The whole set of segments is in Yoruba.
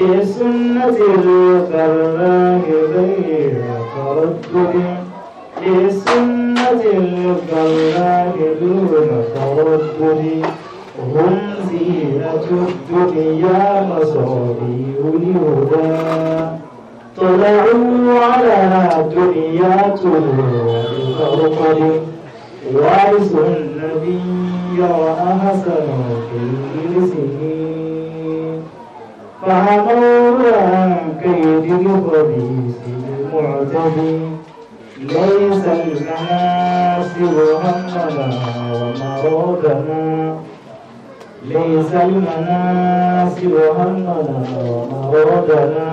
لسنة الفراء غير تردد لسنة الفراء دون تردد هم زينة الدنيا مصابيح الهدى طلعوا على دنيا والفرقد وارثوا النبي وأحسن في سنين فعلوا عن كيد الخبيث المعتدي ليس لنا سوى همنا ومرادنا ليس لنا سوى همنا ومرادنا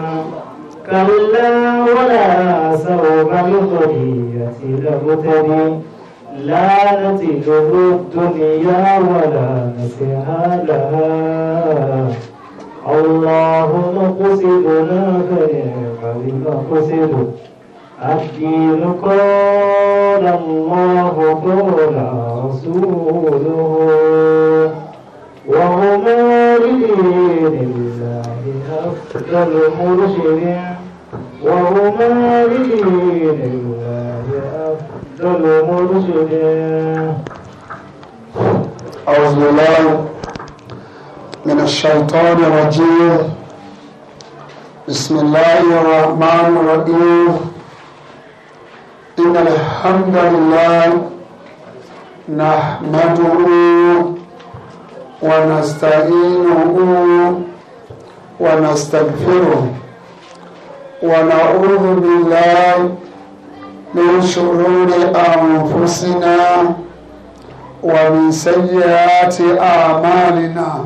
كلا ولا سوف لقضية لمبتدي لا نتجه الدنيا ولا نسيها لها الله مقسم ما كان مقسم الدين قال الله قال رسوله وهما لدين الله أفضل مرشد وهما لدين الله أفضل مرشد أعوذ بالله من الشيطان الرجيم بسم الله الرحمن الرحيم إن الحمد لله نحمده ونستعينه ونستغفره ونعوذ بالله من شرور أنفسنا ومن سيئات أعمالنا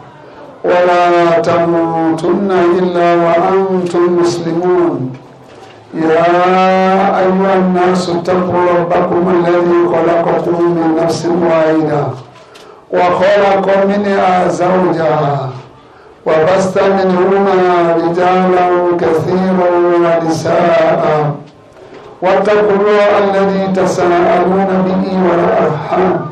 ولا تموتن إلا وأنتم مسلمون يا أيها الناس اتقوا ربكم الذي خلقكم من نفس واحدة وخلق منها زوجها وبست منهما رجالا كثيرا ونساء واتقوا الله الذي تساءلون به والأرحام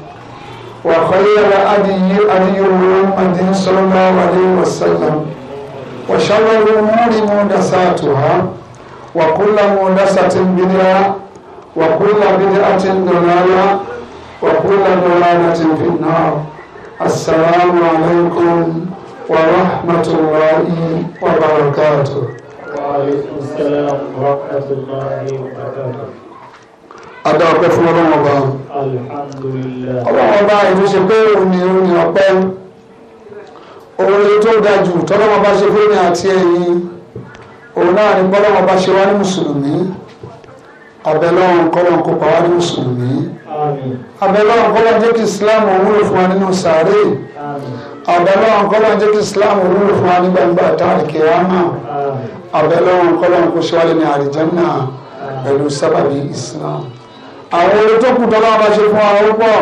وخير أدي أدي محمد صلى الله عليه وسلم وشر الأمور مهدساتها وكل مهدسة بدعة وكل بدعة ضلالة وكل ضلالة في النار السلام عليكم ورحمة الله وبركاته وعليكم السلام ورحمة الله وبركاته adá ọpẹ́ fún ọlọ́run ọba ọlọ́run ọba ìlú ṣe pé òun ni òun ni ọpẹ́ òun lè tó ga jù tọ́lọ́run ọba ṣe fún mi àti ẹ̀yin òun náà ni bọ́lọ́run ọba ṣe wá ní mùsùlùmí abẹ́lọ́run kọ́lọ́n kó pa wá ní mùsùlùmí abẹ́lọ́run kọ́lọ́n jẹ́ kí islam wúlò fún wa nínú sàárè abẹ́lọ́run kọ́lọ́n jẹ́ kí islam wúlò fún wa ní gbangba táàkì rámà abẹ́lọ́run kọ́lọ́n kó ṣe wá lẹ́ni àlìjánnà pẹ̀lú sábàbí islam àwọn oore tó kù tọ́lá bá ṣe fún wa ó pọ̀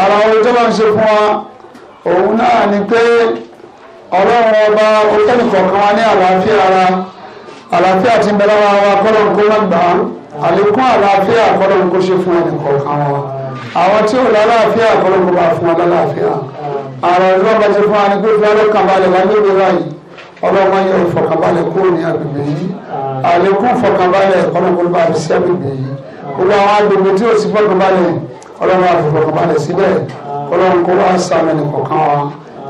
ara oore tó bá ń ṣe fún wa òun náà ni pé ọlọ́run ọba olùkọ́nìkọ̀ọ̀kan wa ní àlàáfíà ara àlàáfíà ti ń bẹ lára wa kọ́lọ́n kó má gbà á àlékún àlàáfíà kọ́lọ́n kó ṣe fún ẹnìkọ̀ọ̀kan wa àwọn tí ò lálàáfíà kọ́lọ́n bá fún wa lálàáfíà ara ìlú ọba ti fún wa ní pé fún ọlọ́kànbalẹ̀ wá lóde báyìí ọlọ́run yóò fọkànbalẹ̀ kúrò ní agbègbè yìí àlékún fọkànbalẹ̀ kọ́lọ́n bá fi sí agbègbè yìí gbogbo àwọn agbègbè tí ó sì fọkànbalẹ̀ ọlọ́run àfọkànbalẹ̀ síbẹ̀ ọlọ́run kó wá sàmì nìkọ̀kan wa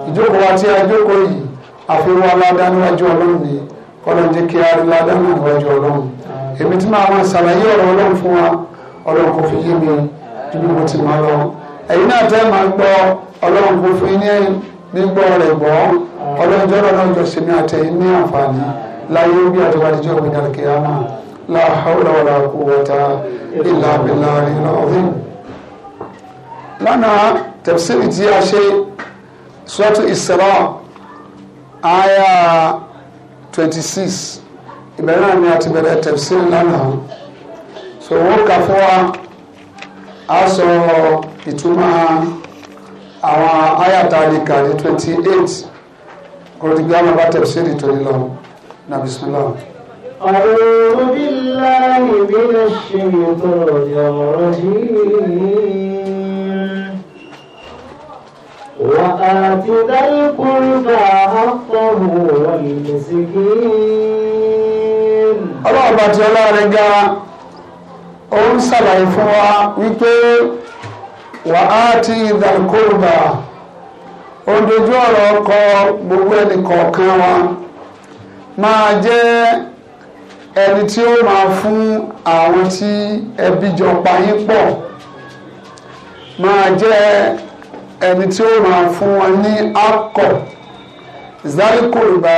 ìjókòó wa tí a jókòó yìí àfihàn aládá níwájú ọlọ́run ni ọlọ́run jẹ́ kí a rí níwájú ọlọ́run èmi tí màá máa ṣàlàyé ọ̀rọ̀ ọlọ́run fún wa ọlọ́run kò fi yé mi ju bí mo ti máa lọ ẹ̀yin náà tẹ́ máa gbọ́ ọlọ́run kò fi ní nígbọ́ rẹ̀ gbọ́ ọlọ́run jọ́rọ̀ náà jọ sí mi àtẹ̀yìn ní àǹfààní láyé bí àtẹ̀wájú ọ̀gbìn لا حول ولا قوة إلا بالله العظيم lánàá tafsiri tí a ṣe suratu Isra aya twenty six ìbẹ̀rẹ̀ náà ni a ti bẹ̀rẹ̀ tafsiri lánàá so wọ́n kà fún wa a sọ ìtumọ̀ àwọn ayatollah kàdé twenty eight kò tí gbé àwọn bá tafsiri tó ní lọ nàbísùn lọ́wọ́. أعوذ بالله من الشيطان الرجيم وآت ذا القربى حقه والمسكين ọlọ́ọ̀bá tí ọlọ́ọ̀rẹ́ ga ó ń ṣàlàyé fún wa wípé wà á ti ìdàkóòbà ojojú ọ̀rọ̀ ọkọ̀ gbogbo ẹnì kọ̀ọ̀kan wa máa jẹ́ ẹni tí ó máa fún àwọn tí ẹbí jọ payín pọ̀ máa jẹ́ ẹni tí ó máa fún wọn ní akọ zarikoba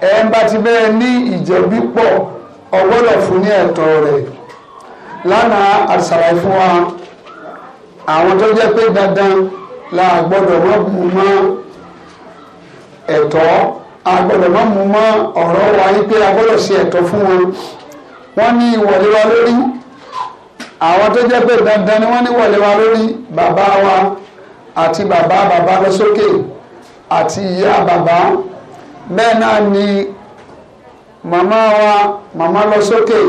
ẹ ń bá ti bẹ́ẹ̀ ní ìjẹ̀bi pọ̀ ọgbọ́dọ̀ fún ní ẹ̀tọ́ rẹ̀ lánàá àṣàlàyé fún wa àwọn tó jẹ́ pé dandan la gbọ́dọ̀ mọ́ bù mọ́ ẹ̀tọ́ àgbọ̀dọ̀ má mú mọ́ ọ̀rọ̀ wa yín pé a gbọ́dọ̀ ṣe ẹ̀tọ́ fún wọn wọ́n ní ìwọ̀lé wa lórí àwọn tó jẹ́ pé dandan ni wọ́n ní ìwọ̀lé wa lórí bàbá wa àti bàbá bàbá lọ sókè àti ìyá bàbá bẹ́ẹ̀ náà ni màmá wa màmá lọ sókè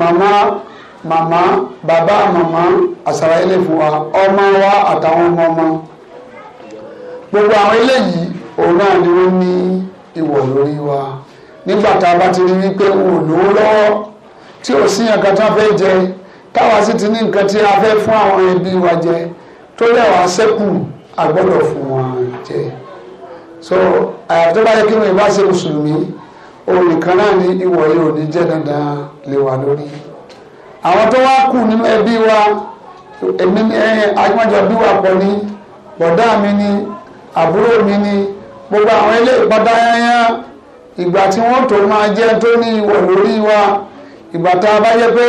màmá màmá bàbá màmá àṣàrà ilé fún wa ọmọ wa àtàwọn ọmọ ọmọ gbogbo àwọn eléyìí òun náà ni ó ní wa nígbà tá a bá ti rí wípé òun lówó lọ́wọ́ tí ò sí nǹkan tá a fẹ́ ti ní nǹkan tí a fẹ́ fún àwọn ẹbí wa jẹ tó lẹ́wà sẹ́kù a gbọ́dọ̀ fún wọn so àyàfi tó bá yẹ kí wọn ìbá ṣe mùsùlùmí òun nìkan náà ìwọ̀ yìí ò ní jẹ́ dandan lè wà lórí àwọn tó wá kù nínú ẹbí wa ni agbọ́njọ bí wà pọ̀ mi ni àbúrò mi ni. gbogbo àwọn ilé ìpadà yányán ìgbà tí wọ́n tó máa jẹ́ tó ní ìwọ̀ lórí wa ìgbà tá a bá yẹ pé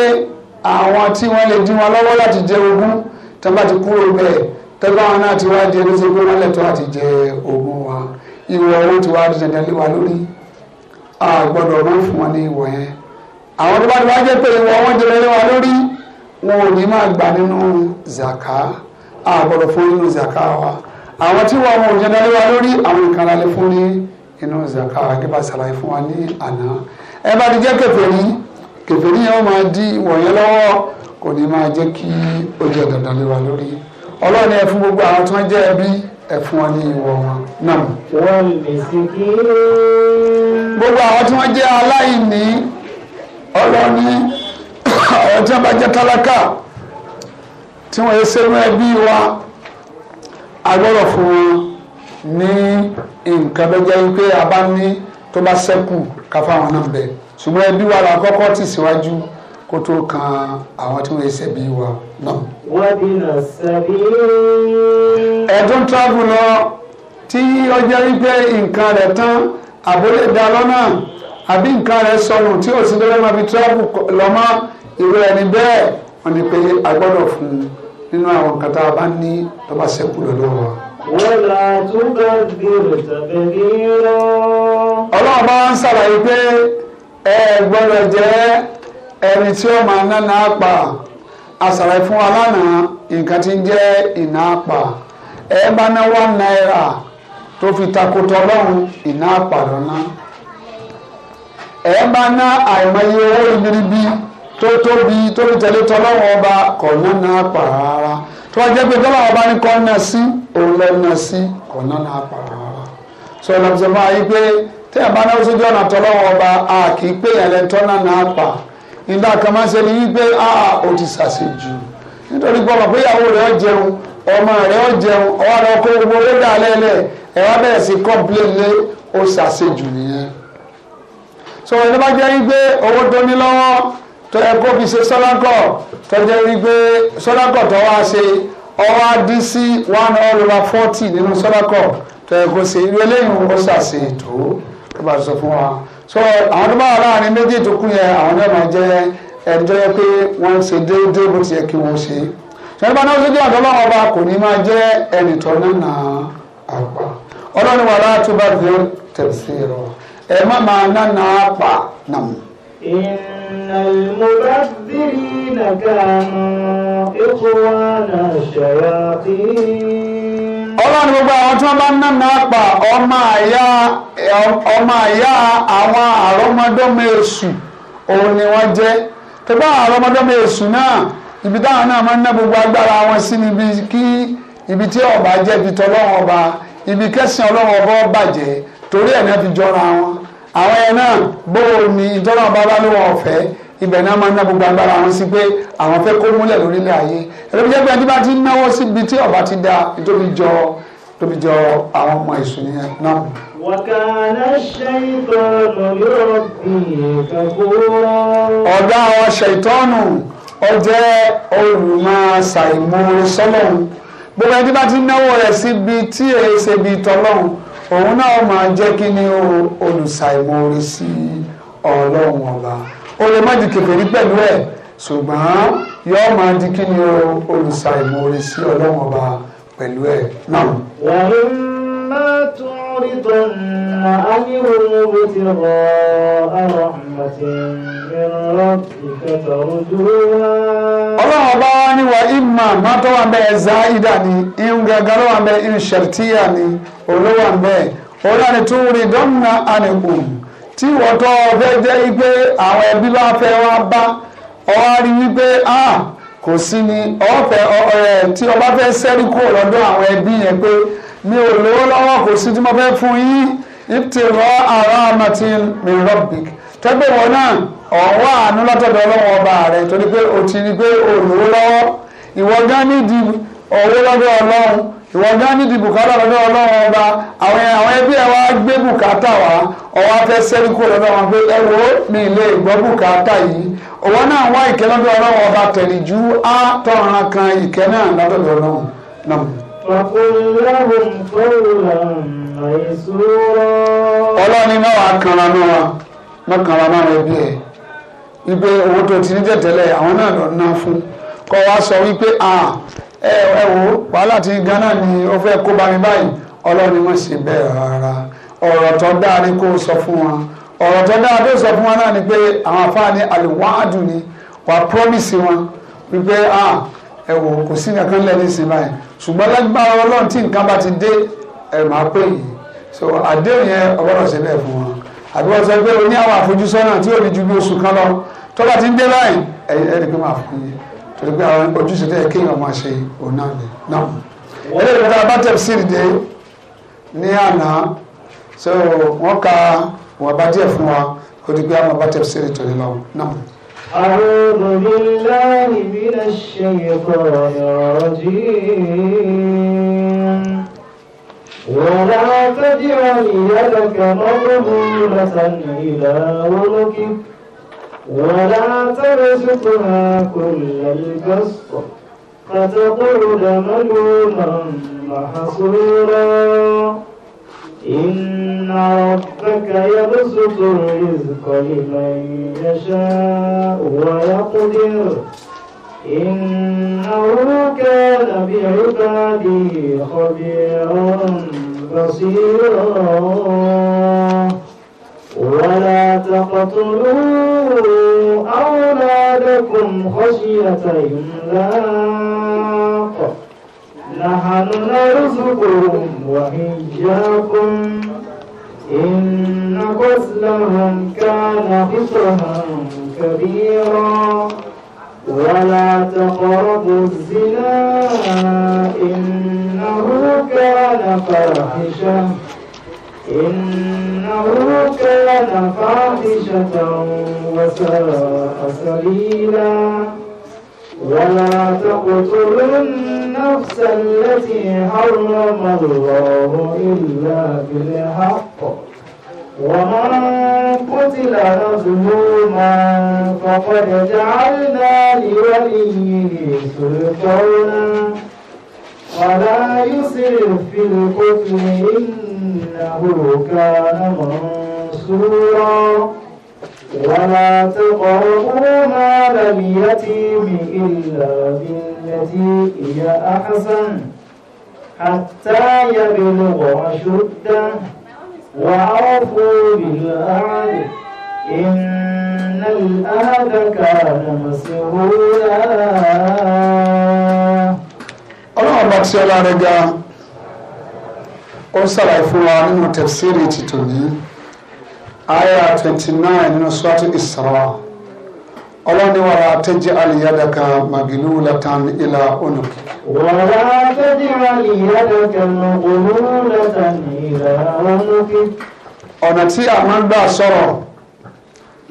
àwọn tí wọ́n lè dín wọn lọ́wọ́ láti jẹ ogún tó bá ti kúrò bẹ́ẹ̀ tó bá wọn náà ti wá jẹ ló ti pé wọ́n lẹ̀tọ́ láti jẹ ogún wa ìwọ̀ owó ti wá dandan lé wa lórí a gbọ́dọ̀ owó fún wọn ní ìwọ̀ yẹn àwọn tó bá ti wá jẹ́ pé ìwọ̀ wọn jẹ lé wa lórí wọn ò ní máa gbà nínú zaka a gbọ́dọ̀ fún nínú zaka wa àwọn tí wọn ò jẹnà léwa lórí àwọn ìkànnì fún ní inú zaka akébà ṣàlàyé fún wa ní àná ẹ bá ti jẹ kèfèrí kèfèrí yẹn ó máa di wọ̀nyẹn lọ́wọ́ kò ní máa jẹ́ kí ó jẹ dandan léwa lórí ọlọ́run ni ẹ fún gbogbo àwọn tí wọ́n jẹ́ ẹbí ẹ fún wọn ní ìwọ wọn náà. wọ́n lè sìn gbogbo àwọn tí wọ́n jẹ́ aláìní ọlọ́ni àwọn tí wọ́n bá jẹ́ tálákà tí wọ́n yẹ sẹ́nu ẹbí wa agbọ́dọ̀ fún wọn ní nǹkan tó jẹ́ pé a bá ní tó bá sẹ́kù ká fáwọn náà bẹ̀ ṣùgbọ́n ẹbí wa la kọ́kọ́ tì síwájú kó tó kan àwọn tí wọ́n ṣe bí wa náà. wọ́n bí nà sẹ́bí. ẹ̀dùn tábù lọ tí ó jẹ́ wípé nǹkan rẹ̀ tán àbólé da lọ́nà àbí nǹkan rẹ̀ sọnù tí ò sí lọ́wọ́ máa fi tábù lọ́mọ ìwé ẹni bẹ́ẹ̀ wọ́n ní pé a fún un nínú àwọn nǹkan tá a bá ní tó bá ṣẹ́kù lọ́dọ̀ wa. wọ́n là tún ká gbèrò tàbí rírọ́. ọlọ́run bá ń ṣàlàyé pé ẹ gbọ́dọ̀ jẹ́ ẹni tí ó máa náná pa àṣàlàyé fún wa lánàá nǹkan tí ń jẹ́ ìná pa ẹ bá ná one náírà tó fi takotọ ọlọ́run ìná pa lọ́nà ẹ bá ná àìmọye owó ribiribi tó tóbi tóbi tẹ̀lé tọ́lọ́wọ́ ọba kọ̀ọ̀nà náà pa rárá tó wá jẹ́ pé tọ́lọ́wọ́ ọba ní kọ́nà sí òun lọ́nà sí kọ̀ọ̀nà náà pa rárá sọ ọ̀nà tó máa yí pé tẹ́ ẹ̀ bá náà sójú ọ̀nà tọ́lọ́wọ́ ọba a kì í pé ẹ̀lẹ́tọ́nà náà pa ìdá kan máa ń ṣe ni wípé a ò ti ṣàṣe jù nítorí gbọ́dọ̀ pé ìyàwó rẹ̀ ọ jẹun ọmọ rẹ̀ ọ jẹun ọwọ́ rẹ̀ ọkọ gbogbo owó dà lẹ́lẹ̀ ẹ̀wá bẹ̀rẹ̀ sí kọ́ńplé lé bá jẹ́ wípé owó tó ní lọ́wọ́ tó yẹ kó fi ṣe sọ́lákọ̀ tó jẹ́ wípé sọ́lákọ̀ tó wá ṣe ọwọ́ dín sí one all over forty nínú sọ́lákọ̀ tó yẹ kó ṣe irú eléyìí ó ṣàṣe ètò tó bá sọ fún wa so àwọn tó bá wà láàrin méjì tó kù yẹn àwọn náà máa jẹ ẹni tó yẹ pé wọ́n ṣe déédéé bó ti yẹ kí wọ́n ṣe sọ́dọ̀ bá náà sójú àgbà bá wọn bá kò ní máa jẹ́ ẹnì tó nínà àgbà ọlọ́run wà látúbà tó tẹ̀sí rọ ẹ má máa nánà àpà nàmú. إن المبذرين كانوا إخوان الشياطين ọlọ́run gbogbo àwọn tí wọ́n bá ná náà pa ọmọ àyà àwọn àrọ́mọdọ́mọ èṣù òun ni wọ́n jẹ́ tó bá àrọ́mọdọ́mọ èṣù náà ibi táwọn náà máa ń ná gbogbo agbára wọn sí níbi kí ibi tí ọba jẹ́ ibi tọ́lọ́wọ́n ọba ibi kẹsàn-án ọlọ́wọ́n ọba bàjẹ́ torí ẹ̀ àwọn ẹ̀ náà bóò ni ìjọba bàbá ló wọ̀ ọ̀fẹ́ ibẹ̀ náà máa ń ná gbogbo agbára àwọn sí pé àwọn fẹ́ kó múlẹ̀ lórílẹ̀ ayé ẹ̀rọ jẹ́ pé ẹni bá ti náwó síbi tí ọba ti da tóbi jọ tóbi jọ àwọn ọmọ ìsúnì náà. wàkàlà ṣètọ́nù yóò fi ìkàkúrọ́. ọ̀gá àwọn ṣètọ́nù ọjẹ́ olùmọ̀ọ́sàìmọ̀ sọ́lọ́hún gbogbo ẹni bá ti náwó rẹ̀ síbi tí èyí ṣe bí tọ́lọ́hún òun náà máa jẹ́ kí ni olùṣàìmoore sí ọlọ́run ọba ó lè má di kékeré pẹ̀lú ẹ̀ ṣùgbọ́n yóò máa di kí ni olùṣàìmoore sí ọlọ́run ọba pẹ̀lú ẹ̀ náà. wọ́n máa tún لأعرضن عن المبتغاء رحمة من ربك ترجوها bani wa imma mata wambe zaida ni inga garo wambe in shartia ni olo wambe ola ni turi donna ane kum ti wato veje ipe awe bila fe waba oari ipe a kosini ope o, o, e, ti oba fe seri kuo lodo awe bine kwe mi ò lówó lọ́wọ́ kò sí tí mo fẹ́ fún yín ìtìrọ ara àmàtí mi rọ́bìk tẹ́gbẹ́ wọn náà ọ̀wọ́ àánú látọ̀dọ̀ ọlọ́wọ́ ọba rẹ̀ torí pé o ti rí pé o lówó lọ́wọ́ ìwọ gán nídìí ọ̀wọ́ lọ́dọ̀ ọlọ́run ìwọ gán nídìí bùkátà lọ́dọ̀ ọlọ́run ọba àwọn ẹbí ẹ wá gbé bùkátà wá ọwọ́ afẹ́ sẹ́rí lọ́dọ̀ wọn pé ẹ wo mi lè gbọ́ bùkátà yìí ọwọ́ náà wá ìkẹ́ lọ́dọ̀ ọlọ́run ọba tẹ̀lé ju á kan ìkẹ́ náà lọ́dọ̀ ọlọ́run náà. فقل لهم قولا ميسورا ọlọ́ni náà wàá kanra náà wá náà kanra náà rẹ bí ẹ wípé owó tó ti ní tẹ̀tẹ̀lẹ̀ àwọn náà lọ ná fún kọ́ wa sọ wípé ẹ ẹ wò wàhálà ti gánà ni ó fẹ́ kó bá mi báyìí ọlọ́ni má ṣe bẹ́ẹ̀ rárá ọ̀rọ̀ tó dáa ni kó sọ fún wa ọ̀rọ̀ tó dáa tó sọ fún wa náà ni pé àwọn afáàní àlùwádùn ni wàá promise wọn wípé ẹ wò kò sí nǹkan kan lẹ́ni sí báyìí ṣùgbọ́n lágbára ọlọ́run tí nǹkan bá ti dé ẹ máa pè yìí so àdéhùn yẹn ọgbọ́dọ̀ ṣe bẹ́ẹ̀ fún wọn àbí wọ́n sọ pé o ní àwọn àfojúsọ́nà tí ò ní ju bí oṣù kan lọ tó bá ti ń dé báyìí ẹ̀yìn ẹ̀rí pé máa fún yín torí pé àwọn ojúṣe tó yẹ kéèyàn ṣe òun náà ni náà eléyìí tó bá tẹ̀ sí ìdè ní àná so wọ́n ka wọ́n bá díẹ̀ fún wa kó di pé àwọn bá sí ìtòlélọ́wọ́ náà. أعوذ بالله من الشيطان الرجيم ولا تجعل يدك مضمونة إلى عنقك ولا تبسطها كل البسط فتقعد ملوما محصورا إن ربك يبسط الرزق لمن يشاء ويقدر إنه كان بعباده خبيرا بصيرا ولا تقتلوا أولادكم خشية إملاق نحن نرزقهم وإياكم إن قتلهم كان خطأ كبيرا ولا تقربوا الزنا إنه كان فاحشة إنه كان فاحشة وساء سبيلا ولا تقتلوا النفس التي حرم الله إلا بالحق ومن قتل مظلوما فقد جعلنا لوليه سلطانا ولا يسرف في القتل إنه كان منصورا ولا تقربوا مال اليتيم إلا بالتي هي أحسن حتى يبلغ أشده وأوفوا بالعهد إن الأهد كان مسؤولا ọlọ́run bá tí ọlá rẹ̀ ga ó ṣàlàyé fún wa nínú tẹ̀síìrì tìtòní Aịra 29 nine nínú surati Isra ọlọ́ni wàrà tẹ́jẹ́ àlìyádàkà latan ila onuki. wàrà tẹ́jẹ́ àlìyádàkà màgìlú latan ilà onuki. ọ̀nà tí a máa ń gbà sọ̀rọ̀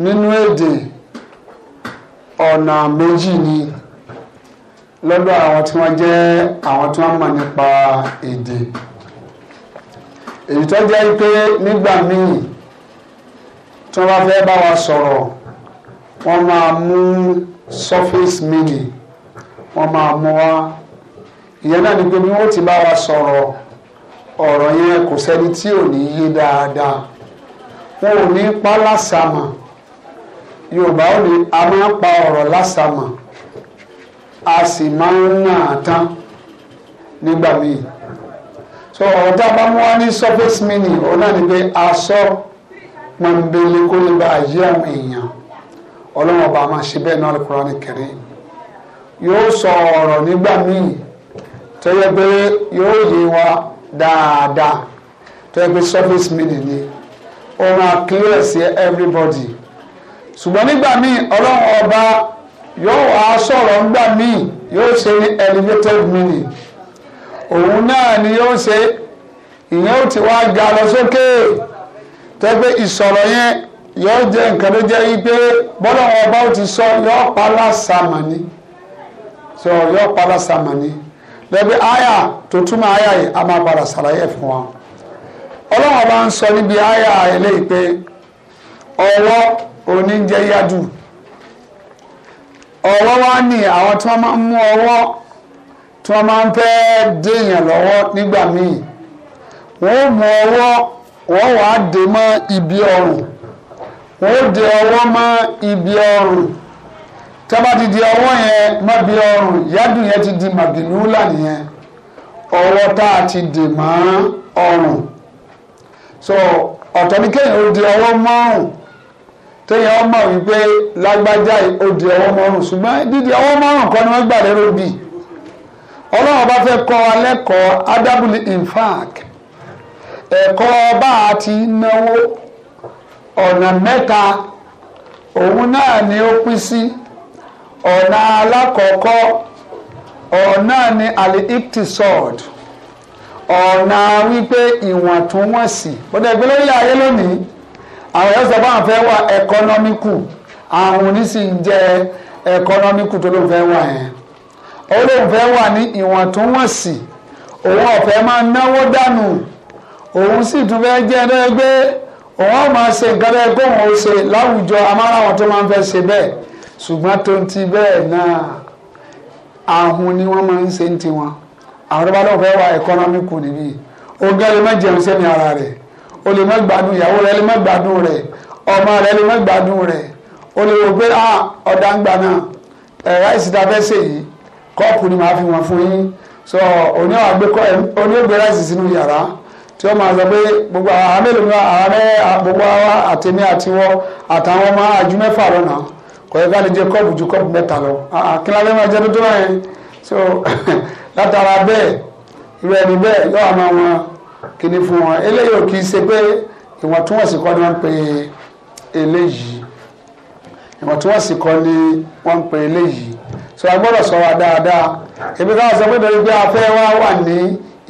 nínú èdè ọ̀nà méjì ni lọ́dọ̀ àwọn tí wọ́n jẹ́ àwọn tí wọ́n mọ̀ nípa èdè èyí tó jẹ́ pé nígbà míì tí wọ́n bá fẹ́ bá wa sọ̀rọ̀ wọ́n máa mú surface mini wọ́n máa mú wa ìyẹn náà ni pé bí wọ́n ti bá wa sọ̀rọ̀ ọ̀rọ̀ yẹn kò sẹ́ni tí ò ní yé dáadáa wọn ò ní pa lásàmà yorùbá ò ní a máa pa ọ̀rọ̀ lásàmà a sì máa ń nà á tán nígbà míì so ọ̀rọ̀ tá a bá mú wá ní surface mini ọ̀rọ̀ náà ni pé a sọ. So, pọ́nbélé kó lè bá ayé àwọn èèyàn ọlọ́run ọba máa ṣe bẹ́ẹ̀ ní Al-Qur'ani Karim yóò sọ ọ̀rọ̀ nígbà míì tó pé yóò yé wa dáadáa tó pé surface meaning ni ó máa clear sí everybody ṣùgbọ́n nígbà míì ọlọ́run ọba yóò wá sọ̀rọ̀ nígbà míì yóò ṣe ní elevated meaning òun náà ni yóò ṣe ìyẹn ò ti wá ga lọ sókè. tẹ́gbẹ́ ìsọ̀rọ̀ yẹn yọ jẹ́ nǹkan tó jẹ́ wípé bọ́lá wọn bá ti sọ yọ pa lásàmà ni ni lẹ́gbẹ́ aya tó túmọ̀ aya yìí a máa padà ṣàlàyé fún wa ọlọ́wọ́n bá ń sọ níbi àyà eléyìí pé ọwọ́ oníjẹ ọwọ́ wa àwọn tí wọ́n máa ń mú ọwọ́ tí wọ́n máa ń fẹ́ déèyàn lọ́wọ́ wọ́n wàá dè mọ́ ibi ọrùn wọ́n dè ọwọ́ mọ́ ibi ọrùn tẹ́ bá ti di ọwọ́ yẹn mọ́ ibi ọrùn yádùn yẹn ti di màbìnúlà nìyẹn ọwọ́ tá a ti dè mọ́ ọrùn so ọ̀tọ̀ ní kéèyàn ó di ọwọ́ mọ́rùn téèyàn ọmọ wípé lágbájá ó di ọwọ́ mọ́rùn ṣùgbọ́n dídi ọwọ́ mọ́rùn kọ́ ni wọ́n gbà lérò bíi ọlọ́run bá fẹ́ kọ́ alẹ́kọ̀ọ́ adábùlì in fact ẹ̀kọ́ ọba àti náwó ọ̀nà mẹ́ta òun náà ni ó pín sí ọ̀nà alákọ̀ọ́kọ́ ọ̀nà ni al ọ̀nà wípé ìwọ̀ntúnwọ̀nsì bọ́dọ̀ lórí ayé lónìí àwọn ẹ̀sọ́ bá ń fẹ́ wà ẹ̀kọ́nọ́míkù jẹ́ ẹ̀kọ́nọ́míkù tó ló ń fẹ́ wà ó ló ń fẹ́ òun sì tún fẹ́ jẹ́ ẹni pé òun máa ṣe nǹkan bẹ́ẹ̀ kó òun ṣe láwùjọ amáráwọn tó máa ń fẹ́ ṣe bẹ́ẹ̀ ṣùgbọ́n tó ń ti bẹ́ẹ̀ náà ahun ni wọ́n máa ń ṣe ń tiwọn àwọn tó bá lọ́wọ́ fẹ́ wá ẹ̀kọ́nọ́mì kù níbí ogá lè má jẹun sẹ́mi ara rẹ̀ o lè má gbádùn ìyàwó rẹ̀ lè má gbádùn rẹ̀ ọmọ rẹ̀ lè má gbádùn rẹ̀ o lè wò pé ah ọ̀dà ń gbà náà ẹ̀ ráìsì ta fẹ́ ṣe yìí kọ́ọ̀pù ni màá fi wọ́n fún yín so oníwàgbé kọ́ ẹ̀ oníwàgbé ráìsì sínú yàrá tí wọ́n máa sọ pé gbogbo àwọn amẹ́lòmí àárẹ̀ gbogbo àwa àtẹ̀mí àtiwọ́ àtàwọn ọmọ àjù mẹ́fà lọ́nà kò yẹ ká lè jẹ kọ́ọ̀bù ju kọ́ọ̀bù mẹ́ta lọ kíláàlẹ́ máa jẹ́ tó tó báyẹn so látara bẹ́ẹ̀ irú ẹni bẹ́ẹ̀ yóò àmọ́ wọn kíní fún wọn eléyìí ò kì í ṣe pé ìwọ̀ntúnwọ̀nsì kọ́ ni wọ́n ń pe eléyìí ìwọ̀ntúnwọ̀nsì kọ́ ni wọ́n ń pe eléyìí so a gbọ́dọ̀ sọ wa dáadáa èmi káwọn sọ pé lórí afẹ́ wa wà ní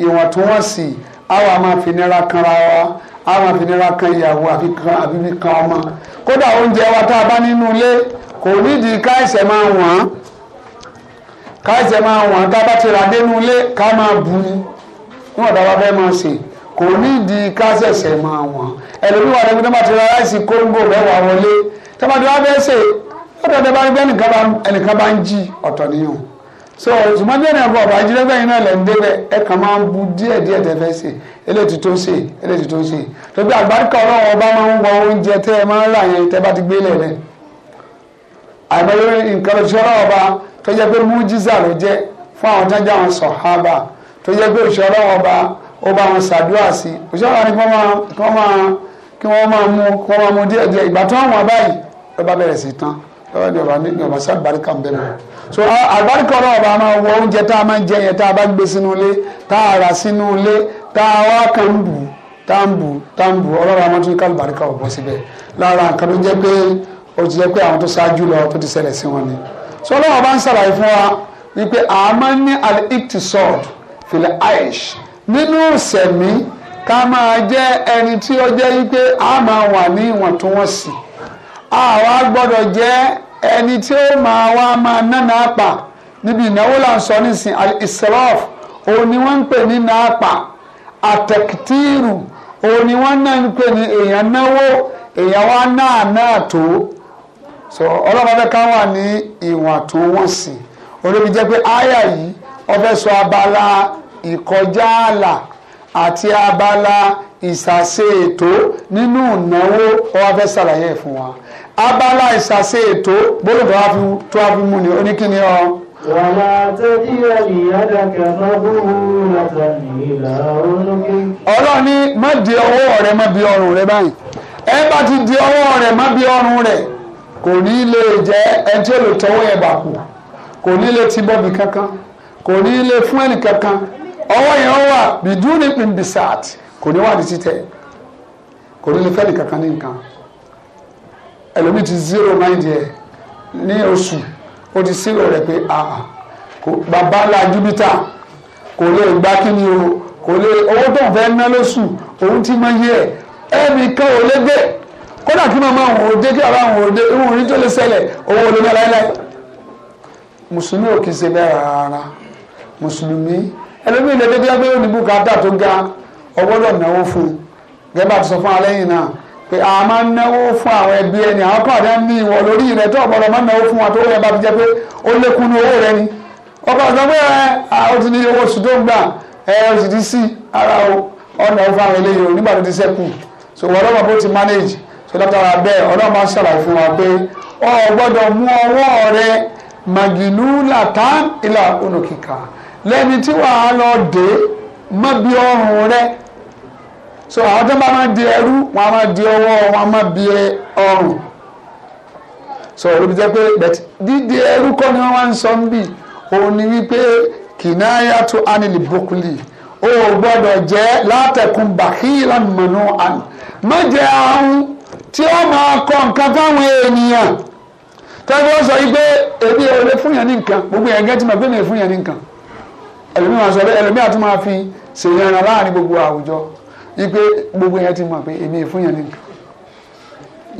ìwọ̀ntúnwọ̀nsì àwa máa fi nira kanra wa àwa máa fi nira kan ìyàwó àfi kan àbí fi kan ọmọ kódà oúnjẹ wa tá a bá nínú ilé kò nídìí káìsẹ̀ máa wọ̀n káìsẹ̀ máa wọ̀n tá a bá ti dénú ilé ká máa bu níwọ̀n tá a bá fẹ́ máa sè kò nídìí kásẹ̀sẹ̀ máa wọ̀n ẹlòmíwà rẹ̀ bí wọ́n bá ti ra ráìsì kóńgò mẹ́wàá wọlé tí wọ́n bá ti wá fẹ́ sè ọ̀tọ̀ ẹnìkan bá ń jí ọ̀tọ̀ níyàn so ṣùgbọ́n díẹ̀ náà bọ̀ bàjí lẹ́gbẹ̀ẹ́ iná lẹ̀ ń débẹ̀ ẹ kàn máa ń bu díẹ̀ díẹ̀ tẹ́ fẹ́ ṣe eléyìí tó ṣe eléyìí tó ṣe tóbi àgbáríkà ọlọ́run ọba máa ń wọ oúnjẹ tẹ́ ẹ máa ń rà yẹn tẹ́ bá ti gbé lẹ̀ rẹ̀ àìmọye nǹkan lọ́sí ọlọ́run ọba tó jẹ́ pé mújísà ló jẹ́ fún àwọn tó ń jẹ́ àwọn sọ̀hábà tó jẹ́ pé òṣìṣẹ́ ọlọ́run ọba wọn ṣàdúrà sí òṣìṣẹ́ ni kí wọ́n máa kí wọ́n máa mú díẹ̀ wọn báyìí ló bá bẹ̀rẹ̀ sí so àgbáríkọ ọ̀rọ̀ ọba máa wọ oúnjẹ tá a máa ń jẹ yẹn tá a bá gbé sínú ilé tá a rà sínú ilé tá a wá kàn ń bù tá ń bù tá ń bù ọlọ́run àwọn tó ní kálùbáríkà ọ̀bọ síbẹ̀ lára nǹkan tó jẹ́ pé ó ti jẹ́ pé àwọn tó ṣáájú lọ tó ti ṣẹlẹ̀ sí wọn ni so ọlọ́run ọba ń ṣàlàyé fún wa wípé a máa ń ní al-iktisod fil aish nínú ìsẹ̀mí ká máa jẹ́ ẹni tí ó jẹ́ wípé a máa wà ní ìwọ̀ntúnwọ̀nsì àwa gbọ́dọ̀ jẹ́ ẹni tí ó máa wá máa nánà àpà níbi ìnáwó là ń sọ nísìn al-israf òun ni wọ́n ń pè ní nàápà àtẹ̀kìtìrù òun ni wọ́n náà ń pè ní èèyàn náwó èèyàn wá náà náà tó so ọlọ́run fẹ́ ká wà ní ìwọ̀n tó wọ̀n sí olóbi jẹ́ pé áyà yìí ó sọ abala ìkọjá àlà. àti abala ìsàse ètò nínú ìnáwó ọwọ́ fẹ́ ṣàlàyé ẹ̀ fún wa abala ìsàse ètò gbólóhùn tó fi tó wá fi mú ni oníkíni ọ. wàhálà tẹ́jú ẹ̀yìn àdàkẹ́ mọ́búrú látàrí ìlà olókè. ọlọ́ni má di ọwọ́ rẹ má bi ọrùn rẹ báyìí ẹ bá ti di ọwọ́ rẹ má bi ọrùn rẹ kò ní lè jẹ́ ẹjẹ́ lò tọwọ́ ẹ̀ bàkù kò ní lè ti bọ́bì kankan kò ní lè fún ẹnì kankan ọwọ́ yẹn wà bìdúrì bisat kò ní wà ní títẹ̀ kò ní lè fẹ́ ní kankan ní nǹkan ẹlòmíì ti zero mind yẹ ní oṣù ó ti zero rẹ pé ah, ah bàbá ńlá júbítà kò lè gbá kí o kò lè owó tó ń fẹ́ ná lóṣù òun ti máa yẹ ẹnì kan ò lè gbé kódà kí màmá àwọn òde kí bàbá àwọn òde irun orí tó lè ṣẹlẹ̀ owó olómi aláìláì mùsùlùmí ò ṣe bẹ́ẹ̀ rárá mùsùlùmí ẹlòmíì lè débi ẹgbẹ́ òní bùkátà tó ga ọgbọ́dọ̀ náwó fún un gẹ́gẹ́ bá ti sọ fún alẹ́yìn náà pé a máa ń náwó fún àwọn ẹbí ẹni àwọn pàdé ní ìwọ lórí rẹ tó ọ̀pọ̀lọ̀ máa ń náwó fún wa tó yẹ bá ti jẹ́ pé ó lékún ní owó rẹ ni ọkọ̀ ọ̀sán pé ẹ ó ti ní owó oṣù tó ń gbà ẹ ó sì ti sí ara o ọ̀nà òfin àwọn eléyìí o nígbà tó ti sẹ́kù so wọ́n lọ́wọ́ bó ti manage so látara bẹ́ẹ̀ ọlọ́run máa ń ṣàlàyé fún wa pé o gbọ́dọ̀ mú ọwọ́ rẹ màgìlú làtàn ìlà onòkìkà lẹ́ni tí wàá lọ dé mọ́ bí ọrùn rẹ so àwọn tó bá máa di ẹrú wọn a máa di ọwọ́ wọn a máa bí ọrùn so olóbi jẹ́ pé bẹ̀tì dídi ẹrú kọ́ ni wọ́n wá ń sọ ń bì òun ni wípé kìnnáyà tó anil bukuli o gbọ́dọ̀ jẹ́ látẹ̀kùn bàkìlán mọ̀nú àn má jẹ́ ahun tí ó máa kọ nǹkan fáwọn ènìyàn tẹ́lifíwọ́n sọ yìí pé èmi ò lè fún yàn ní nǹkan gbogbo yẹn gẹ́tì mà gbé mi fún yàn ní nǹkan ẹlòmíì máa sọ pé ẹlòmíì àti máa fi ṣèyànnà láàrin gbogbo àwùjọ wípé gbogbo yẹn ti mọ̀ pé èmi ìfún yẹn ni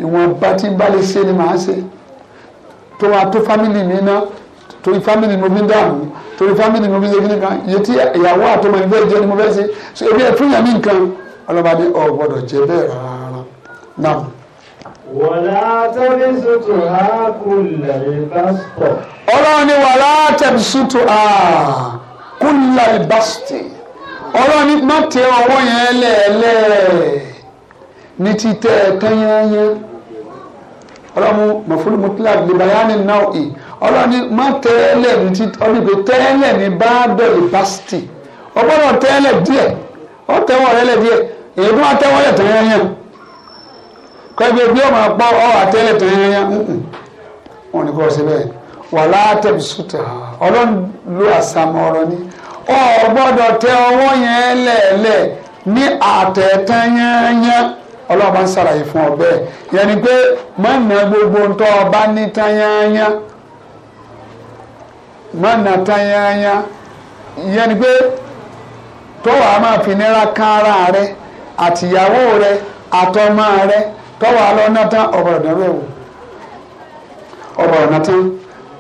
ìwọ̀n bá tí bá lè ṣe ni màá ṣe tó wàá tó fámìlì mi ná torí fámìlì mi ò fi dààmú torí fámìlì mi ò fi ṣe kíni kan iye tí ìyàwó àtọmọ ìfẹ́ jẹ ni mo fẹ́ ṣe so ebi ẹ̀ fún yẹn ní nǹkan ọlọ́ba ní ọ̀ gbọ́dọ̀ jẹ bẹ́ẹ̀ rárá náà. wàlá tẹ́bí sùtù á kulẹ̀ ìbá sọ̀. ọlọ́run ni wàlá tẹ́bí sùtù á kúlà ìbásítì ọlọ́run ní má tẹ ọwọ́ yẹn lẹ́ẹ̀lẹ́ ní títẹ ẹ̀tán yányán ọlọ́run mọ̀fúlù mutila libayani náà ì ọlọ́run ní má tẹ́lẹ̀ ní títẹ ọlọ́run tẹ́lẹ̀ ní báàbẹ̀ ìbásítì ọgbọ́dọ̀ tẹ́lẹ̀ díẹ̀ ọ tẹ́wọ́ rẹ lẹ̀ díẹ̀ èyí tó wá tẹ́wọ́ lẹ̀ tán yányán kọ́ ẹgbẹ́ bí ọmọ àpá ọ àtẹ́lẹ̀ tán yányán wọn ni kò sí bẹ́ẹ̀. wàlá tẹ̀bísùtà ọlọ́run ló àsàmọ̀ ọ̀rọ̀ ni ọ gbọ́dọ̀ tẹ ọwọ́ yẹn lẹ́ẹ̀lẹ́ ní àtẹ̀tẹ̀ yányán ọlọ́run ń ṣàlàyé fún pé mọ̀nà gbogbo ntọ́ ọba ní tán mọ̀nà tán yẹn ni pé tọ́wọ́ a máa fi nira kan ara rẹ àtìyàwó rẹ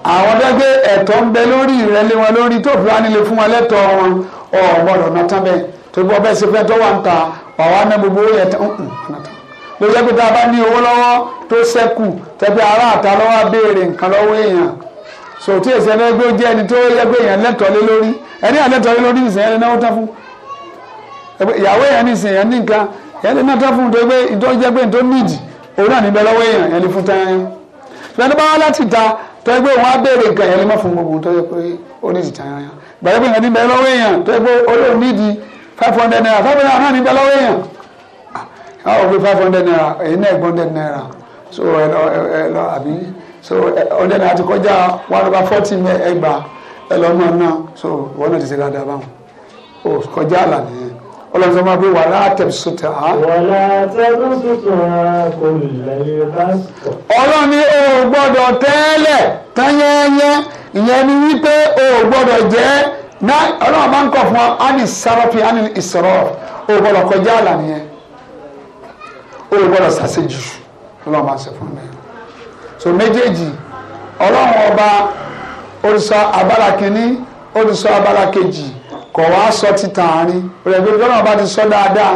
àwọn tó ẹ̀tọ́ ń bẹ lórí ìrẹ́lé wọn lórí tó fi wá nílé fún wọn lẹ́tọ̀ọ́ wọn ọ̀gbọ́dọ̀ náà bẹ́ẹ̀ torí bọ́ bẹ́ẹ̀ ṣe fẹ́ tó wà ń ta ọ̀wá náà gbogbo owó yẹn tán ló jẹ́ pé tá a bá ní owó lọ́wọ́ tó ṣẹ́kù tẹ́pẹ́ ará àta lọ́wọ́ béèrè nǹkan lọ́wọ́ èèyàn so tí èsì ẹlẹ́gbẹ́ jẹ́ ẹni tó yẹ pé èèyàn lẹ́tọ̀ọ́ lé lórí ẹni àlẹ́tọ̀ọ́ lé lórí nìsẹ̀yẹ́ lè náwó tán fún ìyàwó èèyàn nìsẹ̀yẹ́ yẹn ní nǹkan yẹn lè náwó tán fún nítorí pé ìtọ́jú jẹ́ pé nítorí níìdì òun náà níbẹ̀ lọ́wọ́ èèyàn yẹn lè fún tán tẹ́gbẹ́ wọn á béèrè nǹkan yẹn lọ́mọ fún gbogbo tó yẹ pé ó ní ìsìn tàyàn yẹn gbàgbé nǹkan ti bẹ lọ́wọ́ èèyàn tẹ́gbẹ́ olóò nídìí five hundred naira five hundred naira náà ní bẹ lọ́wọ́ èèyàn ah, àwọn òbí five hundred naira èyí náà ẹ̀gbọ́n hundred naira so ẹ lọ ẹ lọ àbí so hundred naira ti kọjá one over forty ẹgbàá ẹ lọ náà náà so wọn náà ti ṣe dáadáa báwọn o kọjá àlà nìyẹn ọlọ́run sọ ma pé wàhálà tẹ̀sùtà. wàhálà tẹ̀sùtà kò lè bá sọ. ọlọ́run ni ó gbọ́dọ̀ tẹ́lẹ̀ tányẹ́yẹ́ ìyẹn ni wípé o gbọ́dọ̀ jẹ́ náà ọlọ́run máa ń kọ̀ fún wa á ní sárọ́pì á ní ìsọ̀rọ̀ o gbọ́dọ̀ kọjá àlà nìyẹn o gbọ́dọ̀ sàṣejù ọlọ́run máa ń sọ fún mi. so méjèèjì ọlọ́run ọba olùsọ abala kínní olùsọ abala kejì kọ̀ wá sọ ti tààrin rẹ̀ gbogbo ọlọ́run ọba ti sọ dáadáa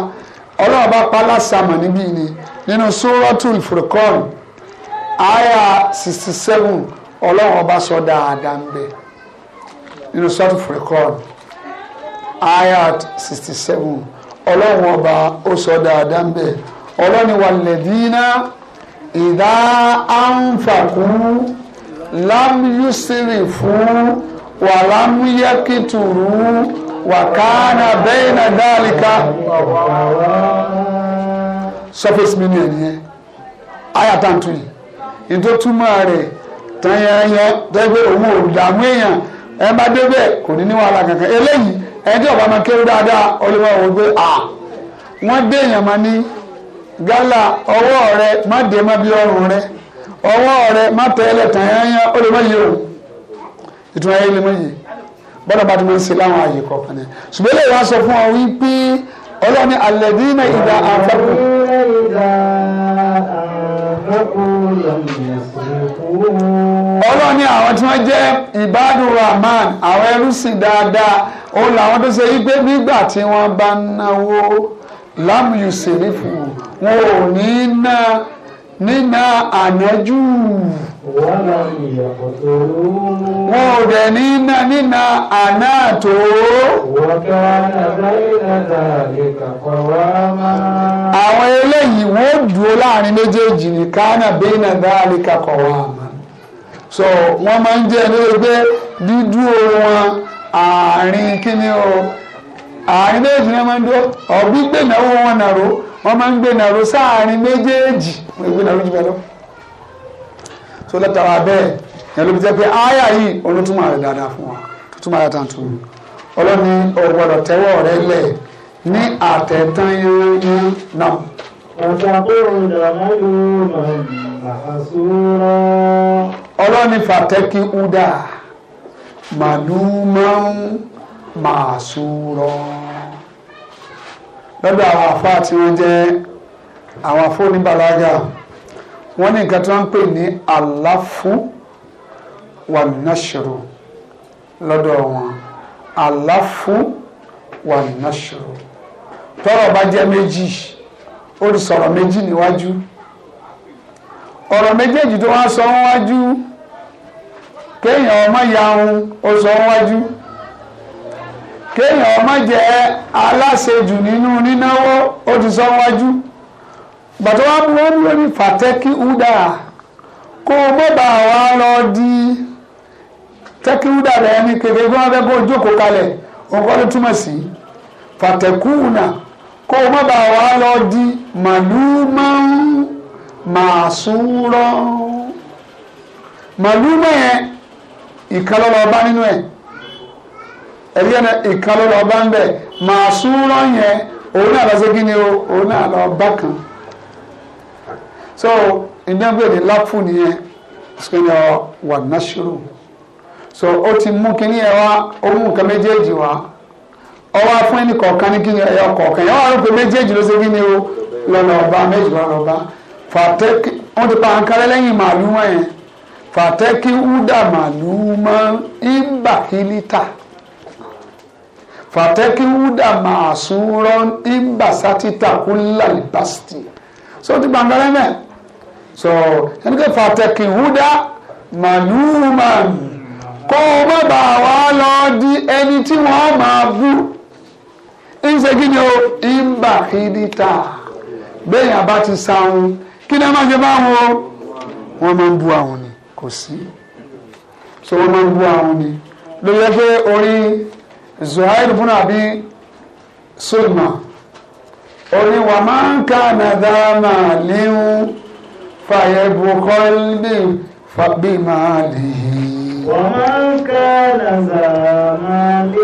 ọlọ́run ọba pa lásàmọ̀ níbí ni nínú suratul Furqan àyà sixty ọlọ́run ọba sọ dáadáa ń bẹ nínú sọ́ọ̀tù ọlọ́run ọba ó sọ dáadáa ń bẹ ọlọ́ni lẹ́dínà ìdá àǹfààkú lámúyúsírì fún wà lámúyẹ́kìtùrú wà surface million yẹn ìdótúmọ̀ rẹ̀ tanyanya tẹ́gbẹ́ òun ò dààmú èèyàn ẹ bá débẹ̀ kò ní ní wàhálà kankan eléyìí ẹni ọba máa kéwú dáadáa ọlọ́wọ́ wọn gbé à wọ́n dé èèyàn máa ní gálà ọwọ́ rẹ má dé má bí ọrùn rẹ ọwọ́ rẹ má o ìtura lè bọ́dọ̀ bá ti ṣe láwọn kọ̀ọ̀kan ni ṣùgbọ́n sọ fún ọ wípé ọlọ́ni ìdá ọlọ́ni àwọn tí wọ́n jẹ́ ìbádùn rahman àwọn ẹrúsìn dáadáa òun làwọn tó ṣe wípé nígbà tí wọ́n bá ń náwó lámùyù sèrífù wọn ò ní ná nínà ànájú wọn ò dẹ̀ ní ná àná tó. àwọn eléyìí. yìí wọ́n dúró láàrin méjèèjì ka kánà bẹ́ẹ̀nà dáàlì kakọ̀ wá so wọ́n máa ń jẹ́ ẹni pé dídúró wọn àárín kíní o àárín méjèèjì náà máa ń dúró na gbẹ̀nàwó wọn nàró wọ́n máa ń gbẹ̀nàró sáàárín méjèèjì wọ́n ọlọ́ni fàtẹ́kì uda màdúmáwù màsúrọ lọ́dọ̀ àwọn afá tí wọ́n jẹ́ àwọn afó ní balaga wọ́n ní nǹkan tí wọ́n ń pè ní àláfù wà náṣẹ̀rò lọ́dọ̀ wọn àláfù wà náṣẹ̀rò tọ́rọ̀ bá jẹ́ méjì ó ti sọ̀rọ̀ méjì níwájú ọ̀rọ̀ méjèèjì tó wá sọ níwájú kéèyàn ọmọ yaun ó sọ níwájú kéèyàn ọmọ jẹ aláṣejù nínú nínáwó ó ti sọ níwájú bàtà wà bú wọn lórí fàtẹ́kì húdà kó o mọ̀ bá wa lọ di tẹ́kì húdà rẹ̀ ní kékeré bí wọ́n fẹ́ kó o jókòó kalẹ̀ òun kọ́ ló túmọ̀ sí fàtẹ́kù húnà kó o má bàa wá lọ di màlúmọ́ màsúrọ́ màlúmọ́ yẹn ìkan ló lọ bá nínú ẹ̀ ẹ̀rí ẹ̀ ìkan lọ bá ń bẹ̀ màsúrọ́ yẹn òun náà lọ kí ni o òun náà lọ bá kan so ìdẹ́gbẹ̀ẹ́ ní lápù nìyẹn sọ́kẹ́ni ọ̀ wà náṣírò so ó ti mú kínní ẹ̀ wá ó mú nǹkan méjèèjì wá ọwọ́ fún ẹnì kọ̀ọ̀kan ní kíni ẹ̀yọ kọ̀ọ̀kan yẹn wọ́n rò pé méjèèjì ló ṣe kí ni o lọ́nà ọba méjì lọ́nà ọba fàtẹ́kì wọ́n ti pa àǹkárẹ́ lẹ́yìn màálù wọn yẹn fàtẹ́kì údà màálù mọ́ ìgbà kìlítà fàtẹ́kì údà màásùn rọ́ ìgbà sátítà kúlà lìbásítì so ti pa àǹkárẹ́ mẹ́ so ẹni pé fàtẹ́kì údà màálù mọ́ kó o má bàa wá lọ di ẹni tí wọ́n máa bú ń ṣe kí ni o ìmbà ìdíta bẹ́ẹ̀ àbá ti sa wọn kí ni a máa ṣe báwọn o wọ́n máa ń bu àwọn ni kò sí so wọ́n máa ń bu àwọn ni ló yẹ pé orin zuhair fún àbí sulma orin wà máa ń ka nàdá máa léwu fàyẹ̀bù kọ́lbì fàbí máa lè ومن كان ذا مال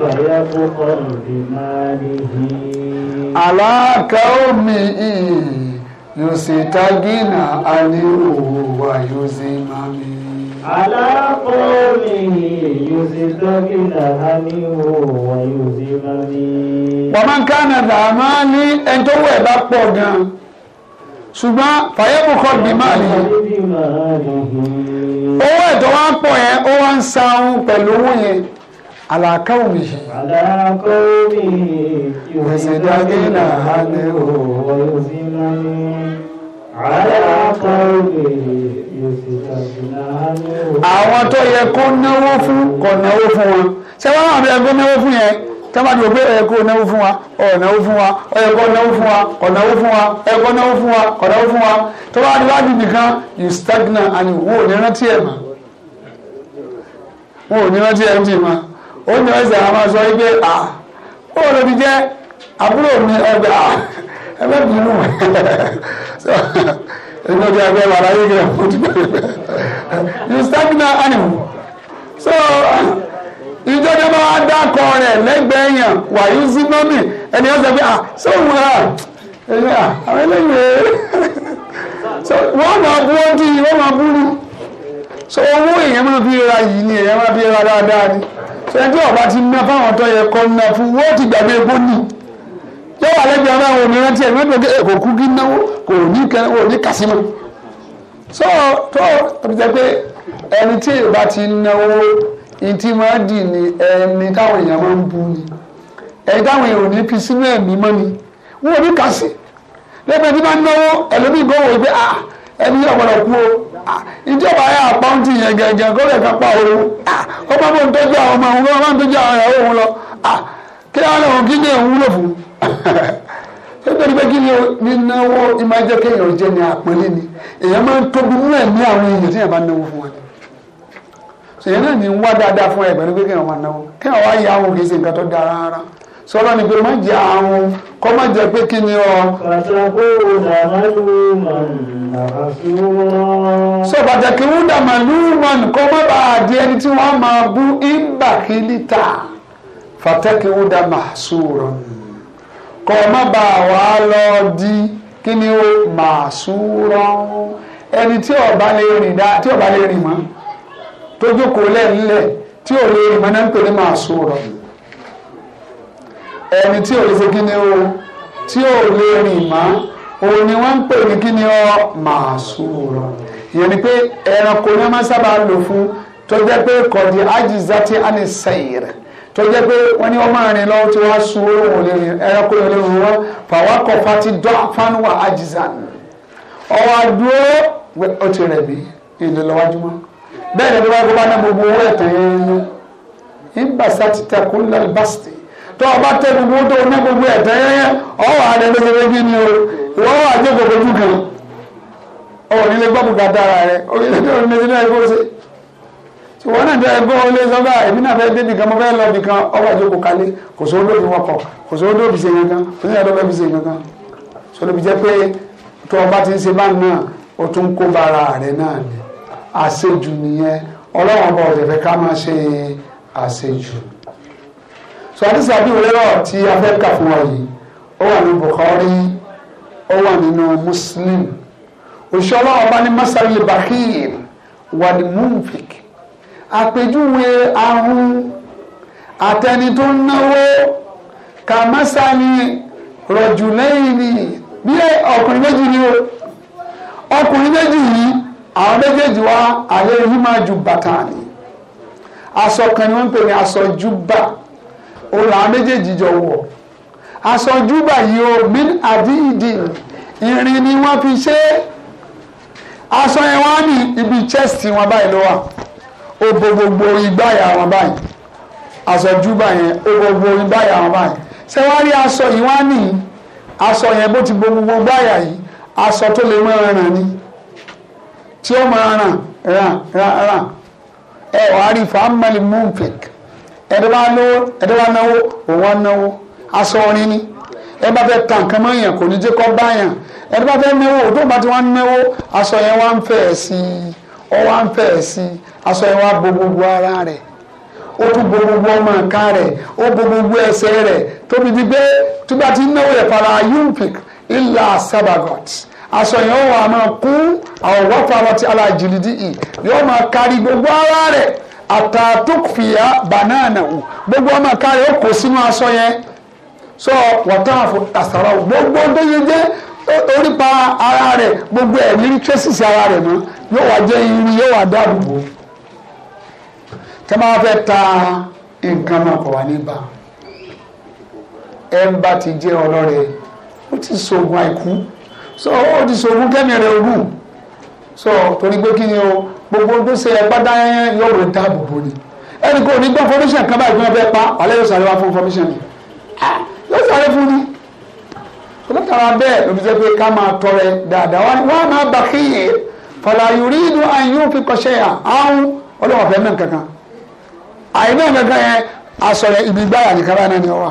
فيفقر بماله على كومه يستغنى عنه ويزمامه على قومه يزدكن هنيه ويزمني. wọ́n máa ń ká nàdà máa ní ẹni tó wẹ̀ bá pọ̀ gan-an ṣùgbọ́n fàyẹ̀mù kọ́ bí máa ní owó ẹ̀tọ́ wa ń pọ̀ yẹn ó wá ń sanwó pẹ̀lú owó yẹn àlàkáwò mi. àlàkáwò mi ìwẹ̀sẹ̀ dáadé náà á lé òwò sí náà àlàkáwò mi àwọn tó yẹ kó náwó fún kò náwó fún wọn ṣé wọn náà bí ẹ náwó fún yẹn tẹ́wọ́n ti ẹ̀kọ́ náwó fún wa ọ̀nàwó fún wa ẹ̀kọ́ náwó fún wa ọ̀nàwó fún wa ẹ̀kọ́ náwó fún wa ọ̀nàwó fún wa tọ́wọ́ adìwádìí nìkan you stagnant and wo ò ní rántí ẹ̀ mọ́ wo ò ní rántí ẹ̀ mọ́ ó ní ọ̀sẹ̀ àwọn máa sọ wípé à ó lè ti jẹ́ àbúrò mi ọgbà ẹ bẹ́ẹ̀ bínú ẹni ọjọ́ ẹgbẹ́ wà láyé kí ẹ fún ti pẹ́ you stagnant and so. Uh, ìjọba bá wá dákọ rẹ̀ lẹ́gbẹ̀ẹ́ yàn wàyí zinomi ẹni ó sọ pé à sóhun à ẹni à ah, àwọn eléyìí rèé wọ́n máa bú ó dì wọ́n máa bú ni so owó èèyàn máa fi ra yìí ni èèyàn máa fi ra dáadáa ni so ẹni tí ọba ti ná fáwọn tó yẹ kọ ná fún wọ́n ti gbàgbé epo nì yóò wà lẹ́gbẹ̀ẹ́ ọba àwọn òmìnira tiẹ̀ wọ́n gbẹ̀gbẹ́ eh, kò kú kí náwó kò ní kẹ́ kò ní kàsímù so tó tàbí jẹ́ pé ẹni tí ìbá ti náwó ntí máa dì ní ẹni táwọn èèyàn máa ń bu ni ẹni táwọn èèyàn ò ní fi sínú ẹ̀mí mọ́ ni wọ́n ní kà sí lẹ́gbẹ̀ẹ́ tí máa ń náwó ẹlòmíì gbọ́ wọ́n pé ah ẹni yóò gbọ́dọ̀ kú o ah ìjọba yà àpáǹtì yẹn gẹ̀gẹ̀ kó lè kápá òru ah ó máa ń tọ́jú àwọn ọmọ òun lọ máa ń tọ́jú àwọn ìyàwó òun lọ ah kí á lè wọn kí ní òun wúlò fún ṣé pẹ̀lú pé kí ni nínáwó ìmájẹ́ kéèyàn jẹ́ ni àpọ́nlé ni èèyàn máa ń tóbi nínú ẹ̀mí àwọn èèyàn tí èèyàn bá náwó fún wọn ni sèyí náà ní wá dáadáa fún ẹ pẹ̀lú pé kéèyàn máa náwó kéèyàn wá yá àwọn kìí ṣe nǹkan tó dára rárá sọlá ni pé má jẹ àrùn kọ́ má jẹ pé kí ni ọ. sọ pàtàkì wúdà màlúùmọ̀n kọ́ má bàa di ẹni tí wọ́n máa bú ìgbà kí lítà fàtẹ́kì wúdà màsúrọ̀ kọ́ má bàa wà lọ di kí ni ó màsúrọ̀ ẹni tí ó bá lè rìn mọ́ tó jókòó lẹ́ńlẹ̀ tí ò lè ìmọ̀nà ń pè ní màá so rọ̀ ẹni tí ò lè ṣe kíni o tí ò lè rìn mọ́ òun ni wọ́n ń pè ní kíni ọ màá so rọ̀ ìyẹn ni pé ẹranko ni wọ́n máa sábà lò fún tó pé kọ̀dí ajizati ani sẹ́yìn rẹ̀ tó jẹ́ pé wọ́n ní wọ́n máa rìn lọ́wọ́ tí wọ́n á sun olóhùn olórin ẹranko olórin wọn fàwákọ̀ fati dọ́fánúwà ajizan ọwọ́ adúró ó ti rẹ̀ bí ìlú lọ́wájú mọ́ bẹ́ẹ̀ ni wọ́n bá ná gbogbo owó ẹ̀tàn yẹn ń bàṣà ti takò lálbàṣì tó o bá tẹ gbogbo tó o ná gbogbo ẹ̀tàn yẹn ọwọ́ àrẹ lóṣèlú bí ni o ìwọ́n wà ní gbogbo ojú kan ọ̀rọ̀ nílé gbọ́dọ̀ gba dára rẹ orílẹ̀-èdè orílẹ̀-èdè náà ẹgbẹ́ ọ̀sẹ̀ tí wọ́n náà jẹ́ ẹgbẹ́ ọ̀lẹ́ sọ́gbà èmi náà fẹ́ débi kan mo fẹ́ lọ bì kan ọwọ́ àjòkò kalẹ̀ kò sówó lóbi wọn kọ kò sówó lóbi ṣe yẹn kan kò sí ẹ̀dọ́ ṣe yẹn kan sọ àṣejù nìyẹn ọlọ́run ọba ọ̀dẹ̀ fẹ́ ká máa ṣe àṣejù. sọ àdìsí àbí òlérò tí a fẹ́ kà fún wa yìí ó wà ní Bukhari ó wà nínú Muslim òṣìṣẹ́ ọlọ́run ọba ní masari bakhir wadi munfik àpèjúwe ahun àtẹni tó ń náwó kà rọ̀jùlẹ́yìn ni bí ọkùnrin méjì ni o ọkùnrin méjì yìí àwọn méjèèjì wa àlẹ́ yìí máa ju bàtà ni aṣọ kan ni wọ́n ń pè ní aṣọ júbà òun làwọn méjèèjì jọ wọ̀ aṣọ júbà yìí o min àdíìdì irin ni wọ́n fi ṣe aṣọ yẹn wá ní ibi chest wọn báyìí ló wà ó bo gbogbo ìgbáyà wọn báyìí aṣọ júbà yẹn ó bo gbogbo ìgbáyà wọn báyìí ṣé wọ́n rí aṣọ yìí wá ní aṣọ yẹn bó ti bo gbogbo yìí aṣọ tó lè mọ́ ẹran ni tí ó máa ràn ràn ràn ràn ẹ wàá rí fàámàlì múnfẹk ẹdẹ bá náwó ẹdẹ bá náwó òun wá náwó aṣọ orin ni ẹ bá fẹ́ ta nǹkan máa yàn kò ní jẹ́ kó bá yàn ẹ bá fẹ́ náwó òtó bá ti wá náwó aṣọ yẹn wá ń fẹ́ sí i ọ wá ń fẹ́ sí i aṣọ yẹn wá bo gbogbo ara rẹ̀ ó tún bo gbogbo ọmọ nǹka rẹ̀ ó bo gbogbo ẹsẹ̀ rẹ̀ tóbi di pé tó bá ti náwó yẹn para yunfic illa sabagot aṣọ yẹn ó wà máa kú àwọn wọ́pọ̀ àwọn ti alájìlídì yìí yóò máa kárí gbogbo ara rẹ̀ àtàtúkfìyà banana wù gbogbo ọmọ kárí ó kó sínú aṣọ yẹn so wọ́tá àfọ̀ àṣàrà wù gbogbo tó yẹ jẹ́ orípa ara rẹ̀ gbogbo ẹ̀ ní traces ara rẹ̀ mọ́ yóò wá jẹ́ irin yóò wá dáàbòbò tẹ́ fẹ́ ta nǹkan náà kọ̀ wá níbà ẹ̀ ń bá ti jẹ́ ọlọ́rẹ̀ ó ti sọ̀gùn àìkú so ó ti sògùn kẹ́mi rẹ̀ ogún so torí pé kí ni o gbogbo tó ṣe ẹ pátá yẹn yóò wò dáàbò bò ni ẹnì kò ní gbọ́ fọmíṣàn kan báyìí fún ẹgbẹ́ pa alẹ́ yóò sáré wá fún fọmíṣàn ni yóò sáré fún ni olùtara bẹ́ẹ̀ lóbi jẹ́ pé ká máa tọrẹ dáadáa wá ní wọ́n máa bà kíyè fàlàyòrí inú àyùn kíkọ ṣe à áhùn ọlọ́wọ́ fẹ́ mẹ́ nǹkan kan àyè mẹ́ nǹkan kan yẹn asọ̀rọ̀ ibi gbára nìkan báyìí náà ni ọ wà.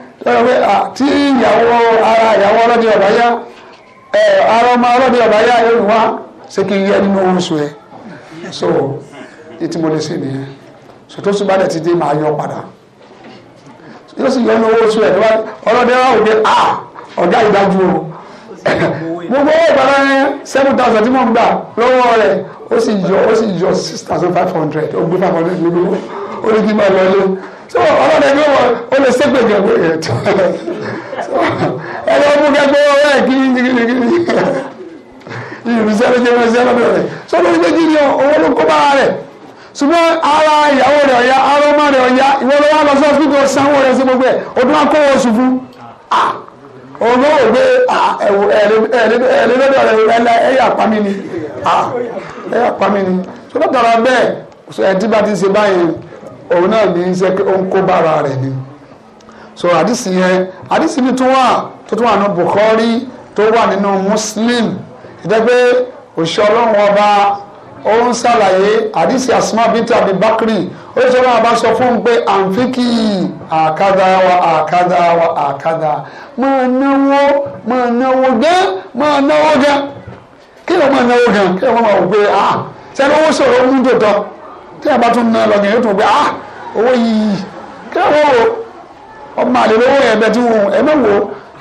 tọ́lọ́ pé tí ìyàwó ara ìyàwó ọlọ́dẹ ọ̀bá yá ara ọmọ ọlọ́dẹ ọ̀bá yá yóò wá ṣé kí n yẹ nínú so ètí mo lè ṣe nìyẹn sòtó ṣùgbọ́n dị ti dé máa yọ padà yóò sì yọ lówó oṣù ọlọ́dẹ a ọ̀gá ìdájú gbogbo owó ìgbàlá yẹn seven thousand tí mo ń gbà lọ́wọ́ rẹ̀ ó sì yọ ó sì yọ six thousand five hundred so ọlọ́dẹ gbé wọn ó lè ṣépè yẹn tó ọwọ́ ẹ̀ kí ní kí ní kí ní ìrìnsẹ́ ló jẹ́ ìrìnsẹ́ lọ́dọ̀ rẹ̀ so lórí ni owó ló kó bá rẹ̀ ṣùgbọ́n ara ìyàwó rẹ̀ ọ̀ya ara ọmọ rẹ̀ ọ̀ya ìwọ ló lọ sí sanwó rẹ̀ sí gbogbo ẹ̀ oṣù fún ẹ̀yà ni ẹ̀yà ni òun náà ní í ṣe pé ó ń kó bára ni so àdìsí yẹn àdìsí mi tó wà tó wà nínú Bukhari tó wà nínú Muslim ìdẹ́gbẹ́ òṣìṣẹ́ ọlọ́run ọba ó ń ṣàlàyé àdìsí Asma bintu Abi Bakri ó sọ wọn àbá sọ fún un pé àǹfíkì àkàdá wa àkàdá wa àkàdá máa náwó máa náwó máa náwó kí ló máa tí a bá tún ná lọ́gàn yóò tún gbé ah owó yìí kí ló wò ó ọmọ àlè lówó ẹ̀bẹ̀ tí wò ẹ má wò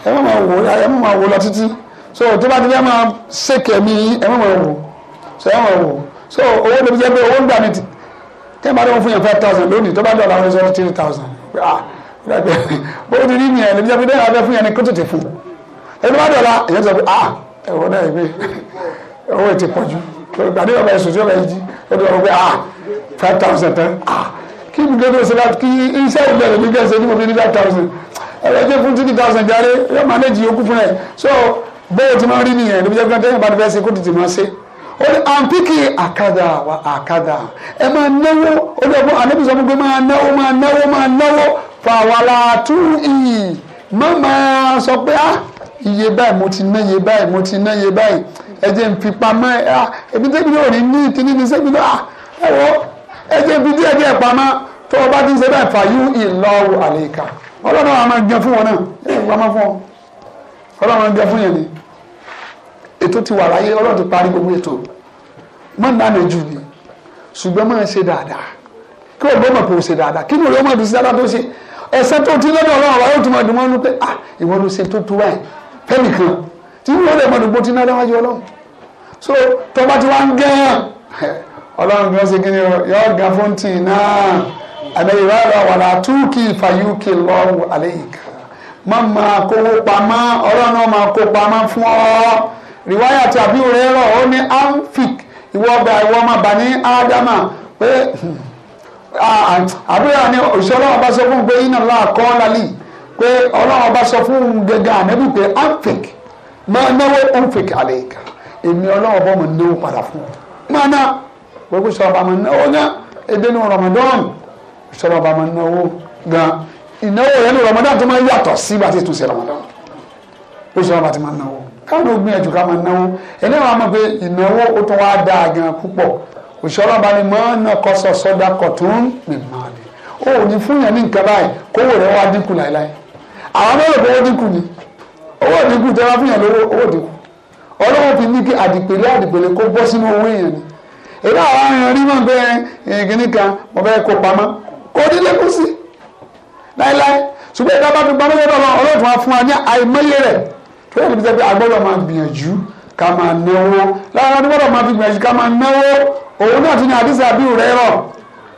ẹ má máa wò ẹ má máa wò lọ títí so tó bá ti fẹ́ máa ṣèkè mí ẹ má máa wò so ẹ má máa wò so owó ló fi jẹ́ pé owó ń gbà mí tì tí a bá dẹ́wọ́n fún yẹn five thousand lónìí tó bá dọ̀la ọ̀rẹ́ sọ́ọ́ three thousand ah bó ti rí nìyẹn lè fi jẹ́ pé dẹ́wọ́n abẹ́ fún yẹn ni kó tètè fún ẹni bá dọ̀la èyí sọ pé ah ẹ̀wọ̀n náà ẹ̀ owó ti pọ̀jù gbàdúrà ọba ẹ̀sùn tí ọba yìí jí ó dọ̀la pé ah, five thousand tán kí ni gbẹdọ̀ ṣe láti kí iṣẹ́ ìbẹ̀rẹ̀ mi gẹ̀ẹ́sẹ̀ ní mo fi ní five thousand ẹ̀rọ jẹ́ fún twenty thousand jáde yóò máa léjì yókù fún ẹ̀ so bẹ́ẹ̀ tí wọ́n rí nìyẹn ló fi jẹ́ pé tẹ́yìn bá ti fẹ́ ṣe kó tètè máa ṣe ó ní àǹpíkì àkàdà wà àkàdà ẹ máa náwó ó ní ọgbọ́n àlébí sọ fún pé máa náwó máa náwó máa náwó fàwàlà tún iyì má máa sọ pé á ah, iye báyìí mo ti ná iye báyìí mo ti ná iye báyìí ẹ jẹ́ n fi pamọ́ ẹ ẹbí ah, tẹ́bi náà ò ní ní kíní ní sẹ́bi náà ah, ẹ wọ ẹjẹ bi díẹ̀ díẹ̀ pamọ́ tó o bá ti ṣe bẹ́ẹ̀ fà yú ìlọ́wù àlèkà ọlọ́run àwọn máa jẹ fún wọn náà ẹ pamọ́ fún ọ ọlọ́run máa jẹ fún yẹn ni ètò ti wà láyé ọlọ́run ti parí gbogbo ètò máa ń dáná jù ni ṣùgbọ́n máa ṣe dáadáa kí o gbọ́dọ̀ kò ṣe dáadáa kí ni olè ọmọ ìdùnsí dáadáa tó ṣe ẹ̀sẹ̀ tó ti lọ́dọ̀ ọlọ́run wa yóò tún máa dùn mọ́ ọ́nú ah ìwọ ló ṣe tó tó wáyé fẹ́nìkan tí wọ́n lè mọ̀ dùn bó ti dáwájú ọlọ́run so tọ́ba ti wá ń gẹ́yàn ọlọ́run yóò ṣe kí ni yóò ga fún tì náà àbẹ̀yẹ bá lọ wàrà túkì fàyúkì lọ́wọ́ alẹ́ ìka má máa kówó pamọ́ ọlọ́run náà máa kó pamọ́ fún ọ rìwáyà tí àbí rẹ rọ ó ní amfik ìwọ ọgbà ìwọ ọmọ bà ní ádámà pé hmm, àbúrò ni òṣìṣẹ́ ọlọ́run bá sọ fún un pé iná ńlá kọ́ lálẹ́ pé ọlọ́run bá sọ fún gẹ́gẹ́ ànábì pé amfik máa náwó amfik alẹ́ ìka èmi ọlọ́run bọ́ mọ̀ náwó padà fún un pé kó sọ̀rọ̀ bá máa náwó ná ebi ní Ramadan sọ̀rọ̀ bá máa náwó gan ìnáwó rẹ̀ ní Ramadan tó máa yàtọ̀ sí bá ti tún ṣe Ramadan kó sọ̀rọ̀ bá ti máa náwó káàdó gbìyànjú ká máa náwó ẹni àwọn ọmọ pé ìnáwó ó tún wáá dáa gan púpọ̀ òṣèlú ọba ni máa ná kọsọ sọdá kọtún mi máa ní o ò ní fún yẹn ní nǹkan báyìí kówó rẹ̀ wá dínkù láéláé àwọn náà rò owó dínkù ni owó dínkù tẹ́wọ́ fún yẹn lówó owó dínkù ọlọ́wọ́ fi ní kí àdìpẹ̀lẹ́ àdìpẹ̀lẹ́ kó bọ́ sínú owó yẹn ni èyí àwọn èèyàn rí mọ̀ pé ìgbìnní kan mo fẹ́ kó pamọ́ kó nílé kú sí láéláé ṣùgbọ́n ìta bá fi pamọ́ lọ́dọ̀ lọ ọlọ́run máa fún wa ní àìmọye rẹ̀ tó yẹ kí a gbọ́dọ̀ máa gbìyànjú ká máa náwó lára wọn gbọ́dọ̀ máa fi gbìyànjú ká máa náwó òun náà ti ní àdìsí àbí òrẹ́rọ̀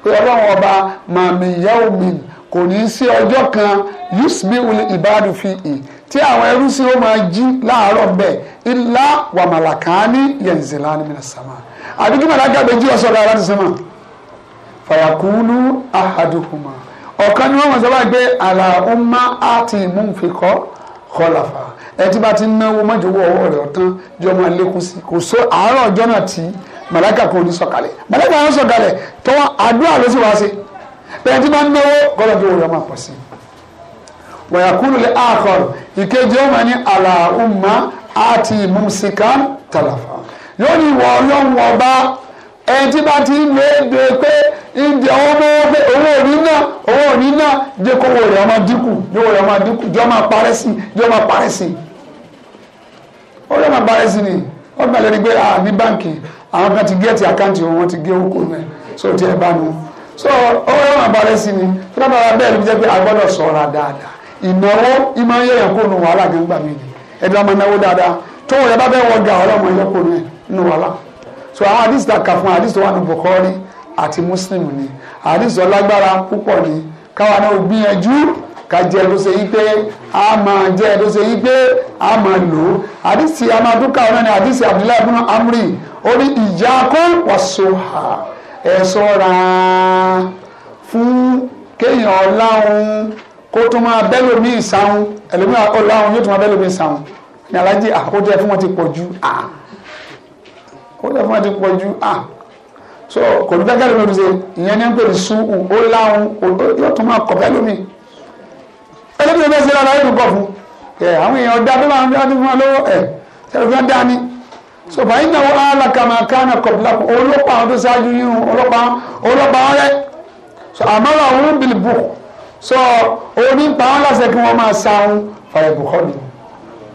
pé ọlọ́run ọba màmí ìyá òmìnir kò ní sí ọjọ́ kan yusbiul ibadu fi hì tí àwọn ẹrú sí ó máa jí láàárọ̀ bẹ́ẹ̀ ilá wàmàlàkàní yanzilani minas sama àdúgbò màláka méjì ọ̀sọ̀ rẹ̀ aláti sọ́mà fàyàkúlù ahaduhuma ọ̀kan ni wọ́n mọ̀ sábà gbé àlà umma àti ìmúnfikọ́ kọlàfà ẹ tí bá ti ń náwó mọ́jọ́wọ́ ọwọ́ rẹ̀ ọ̀tán jọ máa lékún sí kò so àárọ̀ ọjọ́ náà tí màláka kò ní sọ̀kalẹ̀ màláka yẹn sọ̀kalẹ̀ tọ́wọ́ àdúrà ló sì wá sí bẹ́ẹ̀ tí máa ń náwó kọ́lọ̀ bí wòlíọ̀ máa pọ̀ sí i wàyàkúrò lè àkọrò ìkejì ọmọ ní àlàhùnmá àti ìmúsíkà tàlàfà yóò ní ìwọ ọlọ́run ọba ẹni tí bá ti ń lé de pé ìdí ọwọ́ mọ́wọ́ pé owó òní náà owó òní náà jẹ́ kó owó rẹ̀ dínkù jẹ́ owó rẹ̀ dínkù jọ́ máa parẹ́ sí jọ́ máa parẹ́ sí ó lè máa parẹ́ sí ni ó gbàlẹ́ pé ní báǹkì àwọn kan ti gẹ́ẹ̀tì àkáǹtì wọn ti gé owó kò náà sóò bá nu. so ọwọ́ yẹn wà sí ni fúnabàrà bẹ́ẹ̀ ló jẹ́ pé a gbọ́dọ̀ sọ̀ra dáadáa ìnáwó ìmọ̀ yẹ̀yàn kó nu wàhálà gan gbà mí ni ẹ̀dùn àmọ́ náwó dáadáa tó wọ̀ bẹ́ẹ̀ ga ọlọ́mọ yẹn kó ẹ̀ so ta kà fún ni púpọ̀ ni káwa náà gbìyànjú ló ṣe yí pé a máa ló ṣe yí pé a máa lò ó àdìsí ẹ ṣọ́ra fún kéèyàn ọláhun kó tó máa bẹ́lòmíì sáhun ẹlòmíì ọláhun yóò tó máa bẹ́lòmíì sáhun ní alájí àkójọ ẹ fún wọn ti pọ̀ ju à àkójọ ẹ fún wọn ti pọ̀ ju à so kò ní dákẹ́ lómi ṣe ìyẹn ní ń pè ní sùúrù ó láhùn yóò tún máa kọ̀ bẹ́ẹ̀ lómi ẹlẹ́bí ló bẹ́ẹ̀ ṣe lára ẹ̀dùn kọ̀ fún ẹ àwọn èèyàn ọ̀dà bí wọ́n á dá fún wọn lọ́wọ́ ẹ ṣẹlẹ̀ fún wọn dá sọ̀fà yìí náà wọ́n á lakàmà kánà kọ̀bùlákùn ọlọ́pàá àwọn tó ṣáájú yìí ọlọ́pàá ọlọ́pàá rẹ̀ àmọ́ra òun bìlì bù sọ oní pàwọn láṣẹ kí wọ́n máa sáwọn fàyẹ̀bù kọ́ni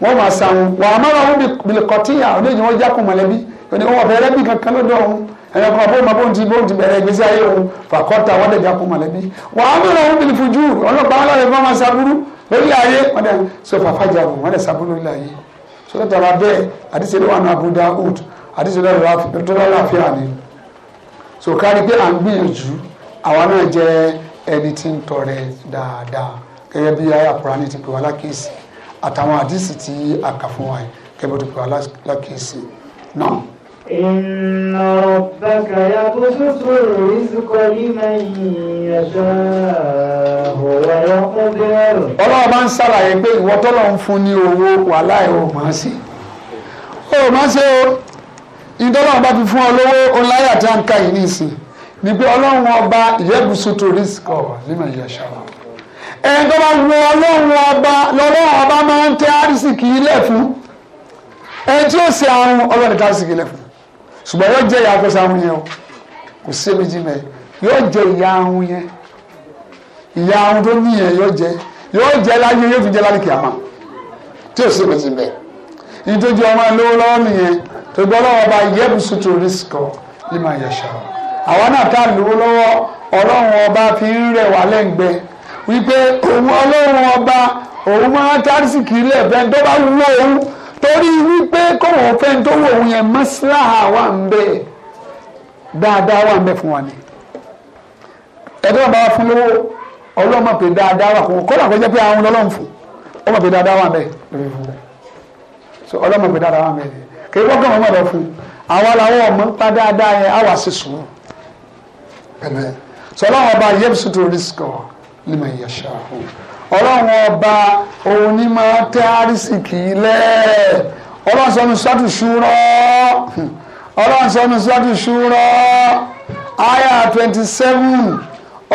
wọ́n máa sáwọn wà àmọ́ra òun bìlì kọ́tíyà oníyìn wọ́n jákùn mọ̀lẹ́bí wọ́n fẹ́ rẹ́bí kankan lọ́dọ̀ òun ẹ̀yẹ kan bóun ma bóun ti bóun ti bẹ̀rẹ̀ ìgbésí ayé òun fàkọ́ta wọ́n dẹ̀ jákùn mọ̀lẹ́bí wà àmọ́ra òun bìlì fujú ọlọ́pàá aláwọ̀ so látara bẹ́ẹ̀ àdìsẹ́ lọ́wọ́ àná Abu Daud àdìsẹ́ lọ́wọ́ láfíà ni so kárí pé à ń gbìyànjú àwa náà jẹ́ ẹni tí ń tọrẹ dáadáa gẹ́gẹ́ bí ayé àkùránì ti pè wá lákèésí àtàwọn àdìsí tí a kà fún bí ó ti pè wá lákèésí náà. إن ربك يبسط الرزق لمن يشاء ويقدر ọlọ́run bá ń ṣàlàyé pé ìwọ tọ́lọ̀ ń fún ní owó wà láì ó máa ṣe ó máa ṣe o ìdọ́lọ́run bá fi fún ọ lówó ọláyà tí a ń ka yìí nìsín ni pé ọlọ́run ọba ìyẹ́bùsùn tó rìsíkọ̀ lima yasha ẹni tó bá wọ ọlọ́run ọba lọ́lọ́run ọba máa ń tẹ́ àrísìkì ilẹ̀ fún ẹni tí ó ṣe àrùn ọlọ́run tẹ́ àrísìkì ilẹ̀ fún ṣùgbọ́n yóò jẹ ìyá akọ́sọ ahun yẹn o kò sí èmi jí mẹ yóò jẹ ìyá ahun yẹn ìyá ahun tó ní yẹn yóò jẹ yóò jẹ láyé yóò fi jẹ láyé kìámà tí ò sí èmi jí mẹ ìtòjú ọmọ lówó lọ́wọ́ nìyẹn tó gbọ́dọ̀ ọba yẹ́bùsù tó rí sùkọ́ ní màá yẹ ṣàwọn. àwa náà ká lówó lọ́wọ́ ọlọ́run ọba fi ń rẹ̀ wá lẹ́ǹgbẹ́ wípé òun ọlọ́run ọba òun máa ń tárísìkì ilẹ̀ bẹ́ẹ̀ tó bá wú òun torí wípé kọ́wọ́ fẹ́ tó wò ó yẹn mọ́síláhà wà ń bẹ dáadáa wà ń fún wa ni ẹ̀dọ́ bá fún lówó ọlọ́mọ pé dáadáa wà fún kọ́lá jẹ́ pé àwọn ọlọ́run dáadáa wà ń dáadáa wà ń ọlọ́run ọba òun ní máa tẹ́ àrísìkì lẹ́ ọlọ́run sọ́nu sọ́tù ṣúrọ́ ọlọ́run sọ́tù ṣúrọ́ aya twenty seven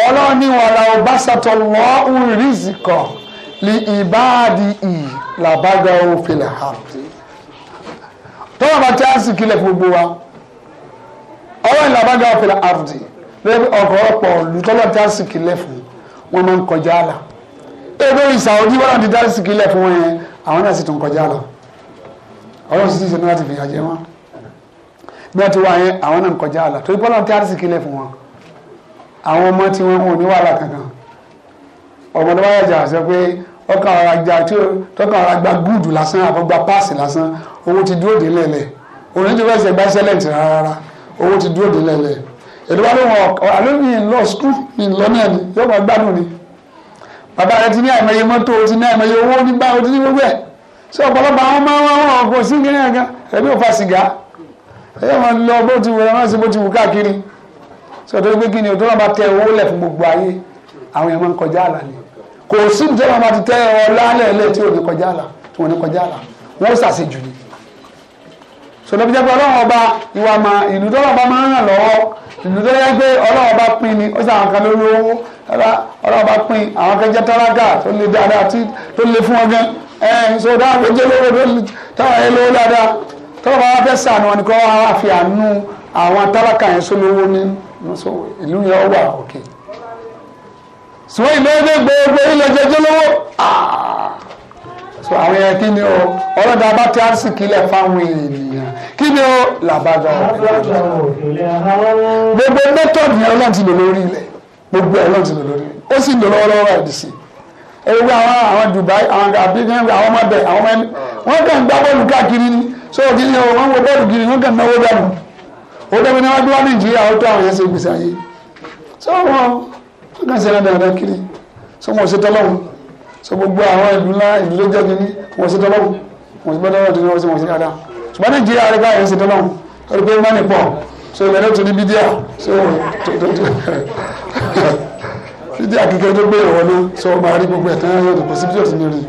ọlọ́run ní wàrà ọbaṣàtọ̀ wọ́n rìzìkọ̀ lè ìbáàdì ì làbájá òfin làhàbí tọ́wọ́ bá tẹ́ àrísìkì lẹ́ gbogbo wa ọlọ́run làbájá òfin làhàbí lẹ́yìn ọ̀pọ̀lọpọ̀ olùtọ́lọ́ tẹ́ àrísìkì lẹ́ fún wọn máa ń kọjá àlà olórí Saudi wọn ti dá síkìlẹ̀ fún wọn yẹn àwọn náà sì tún kọjá lọ ọlọ́run sì ti ṣe láti fìyà jẹ wọn bí wọ́n ti wá yẹn àwọn náà ń kọjá àlà torí bọ́lá ti dá síkìlẹ̀ fún wọn àwọn ọmọ tí wọn ò ní wàhálà kankan ọmọdé wáyà jà sọ pé ọkàn ara gba tí tọkàn ara gba gúùdù lásán àbọ̀gba páàsì lásán owó ti dúró dé lẹ́lẹ̀ òun ní ti fẹ́ ṣe gba sẹ́lẹ̀ǹtì rárá owó ti dúró dé lẹ́lẹ̀ èdè wà lóhùn ọ̀kọ́ àlóyìn lọ skul ní lọ́nà ni yóò máa gbádùn ni bàbá rẹ ti ní àìmọye mọ́tò o ti ní àìmọye owó nígbà o ti ní gbogbo ẹ̀ ṣé ọ̀pọ̀lọpọ̀ àwọn máa ń wá wọn kò sí nínú ẹ̀ka ẹ̀mí ò fa sìgá ẹ̀yọ́ máa ń lọ bó ti wù ẹ̀ máa bó ti wù káàkiri ṣé ọ̀tọ́ pé kí ni òtọ́ bá tẹ owó lẹ̀ fún gbogbo ayé àwọn èèyàn máa ń kọjá àlà ni kò sí ìjọba máa ti tẹ ọlá lẹ̀ lẹ̀ tí wọ́n ní kọjá àlà wọ́n ṣàṣejù ni sọlọ́bí jẹ́ pé ọlọ́run ọba ìwà mà ìlú tó ọlọ́run ọba máa ń ràn lọ́wọ́ ìlú tó yẹ pé ọlọ́run ọba pín ni ó sì àwọn kan lórí owó ọlọ́run ọba pín àwọn kan jẹ́ tálákà tó lè dáadáa tó lè fún wọn gan ẹ̀ so dáhùn tó jẹ́ lówó táwọn ẹ̀ lówó dáadáa tọ́wọ́ bá wá fẹ́ sànù wọn ni kọ́ wá fi àánú àwọn tálákà yẹn sólówó ní ìlú yẹn wà òkè. sùwọ́n ìlú ẹgbẹ́ gbogbo ilẹ̀ jẹjẹ lówó ah! so àwọn yẹn kí ni o ọlọ́dà bá ti àsìkí lẹ̀ fáwọn ènìyàn kí ni o làbàdà gbogbo mẹ́tọ̀dù yẹn ọlọ́run ti lò lórí ilẹ̀ gbogbo ọlọ́run ti lò lórí ó sì lò lọ́wọ́ lọ́wọ́ àdìsí ewu àwọn àwọn Dubai àwọn àbí àwọn ọmọ bẹ àwọn ọmọ ẹni wọn kàn gbá bọ́ọ̀lù káàkiri ni so kí ni o wọn wo bọ́ọ̀lù kiri wọn kàn náwó dànù ó dẹ́bi ní wọ́n gbé wá Nàìjíríà ó tó àwọn yẹn ṣe gbèsè ayé so wọn kàn ṣe náà dáadáa kiri so wọn ò ṣe tọ́lọ́wọ́ so gbogbo àwọn ìlú ńlá ìlú ló jẹ́ kínní wọ́n ṣe tọ́lọ́wù wọ́n ṣe gbọ́dọ̀ ọ̀dọ́ wọ́n ṣe wọ́n ṣe dáadáa ṣùgbọ́n nàìjíríà rẹ̀ báyìí ṣe tọ́lọ́wù torí pé mọ́nì pọ̀ so ilẹ̀ náà tún ní bídíà so bídíà kékeré tó gbé ìwọ̀n ló so máa rí gbogbo ẹ̀tàn yóò tó kò sí bídíà tó o rí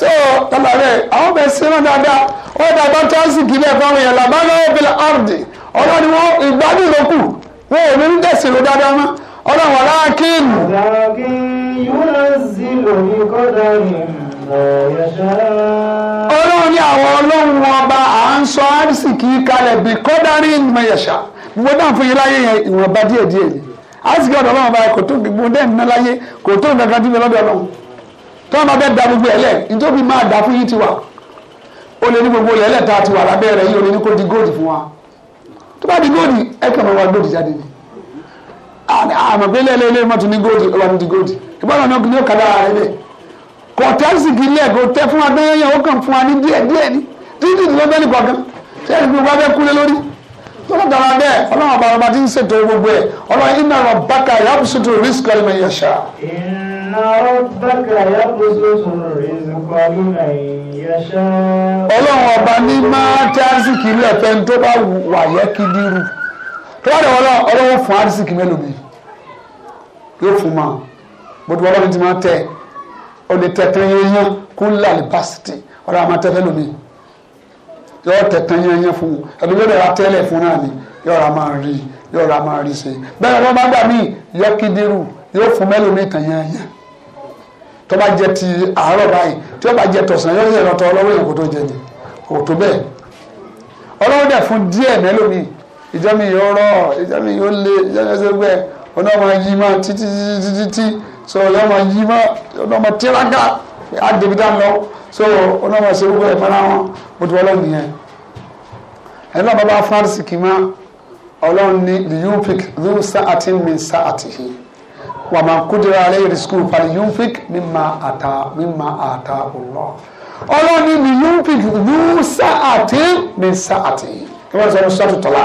so tọ́lá rẹ̀ àwọn bẹ̀ ṣe náà dáadáa wọ́n dà bá tọ́sí kìlẹ̀ fáwọn èèyàn làbá lọ́wọ́ bí ọ̀rùdì ọlọ́ni wọn ìgbádùn lókù wọn ò ní tẹ̀sí ló dáadáa mọ́ ọlọ́wọ́n láàkín yúnazílò ní kọ́dà ọlọ́run ní àwọn ọlọ́run ọba à ń sọ àrísìkì kalẹ̀ bí kọ́dà rí ìmọ̀yẹ̀ṣà gbogbo náà fún yín láyé yẹn ìwọ̀nba díẹ̀díẹ̀ ni àrísìkì ọ̀dọ̀ ọlọ́run ọba kò tó gbogbo dẹ́ẹ̀ nínú láyé kò tó nǹkan kan dínlẹ̀ lọ́dọ̀ ọlọ́run tó máa bẹ́ẹ̀ da gbogbo ẹ̀lẹ́ nítorí máa dà fún yín ti wà ó lè ní gbogbo ẹ̀lẹ́ ta ti wà lábẹ́ rẹ̀ yìí ó lè ní kó di góòdì fún wa tó bá di góòdì ẹ kàn máa wá góòdì jáde ni àmọ̀ pé lẹ́ẹ̀lẹ́ẹ̀lẹ́ mọ́tò ní di ìbára náà kì ní òkàdá rẹ lẹ kọtẹ́sì kì í lẹ̀ kó tẹ́ fún wa bẹ́ẹ̀ yẹn ó kàn fún wa ní díẹ̀ díẹ̀ ní títí ìdílé bẹ́ẹ̀ ní kọ̀ọ̀kan sẹ́yìn gbogbo abẹ́ kúlé lórí tọ́lọ́dàra bẹ́ẹ̀ ọlọ́run ọba ọba ti ń ṣètò gbogbo ẹ̀ ọlọ́run iná rọ bákà yàbùsùtù rìsíkọ́ lè mẹ́yẹ ṣá. iná rọ bákà yàbùsùtù rìsíkọ́ lè mẹ́yẹ ṣá. ọlọ́run ọba ní máa tẹ́ àrísìkì ilé ẹ̀fẹ́ tó bá wà yẹ kí dírú tọ́lọ́dà ọlọ́run fún àrísìkì mélòó mi yóò fún máa bótú ọlọ́run ti máa tẹ ó lè tẹ tán yẹnyẹn kúlà lè pásítì ọ̀rọ̀ àmọ́ tẹ́fẹ́ lómi yọ̀ọ́ tẹ yẹnyẹn fún un ẹ̀dùnkẹ́ lọ́ra tẹ́lẹ̀ fún náà ni yọ̀ọ́ra máa rí yọ̀ọ́ra máa rí ṣe bẹ́ẹ̀ ló máa gbà mí yọkídírù yóò fún mẹ́lòmí tán yẹnyẹn tó bá jẹ ti àárọ̀ báyìí tí ó bá jẹ tọ̀sán yẹn kó tó jẹ ni kò tó bẹ́ẹ̀ ọlọ́run dẹ̀ fún díẹ̀ mẹ́lòmí ìjọ́ mi yóò rọ̀ ìjọ́ mi yóò le ìjọ́ mi yóò ṣe so yọ ọmọ yí mọ́ ọdún ọmọ tíráká á débi dá lọ so ọdún ọmọ ṣe gbogbo ẹ̀ fara wọn bó ti wọ́n lọ́ọ̀nì yẹn ẹni náà bàbá fárísì kì í má ọlọ́run ní liyunfik ló sáàtì mi sáàtì yìí wà máa kú dira alẹ́ yẹn sukùl pàlẹ́ yunfik mi máa àtà mi máa àtà ọlọ́ ọlọ́run ní liyunfik ló sáàtì mi sáàtì yìí kí wọ́n sọ ọ́ sọ́tù tọ́lá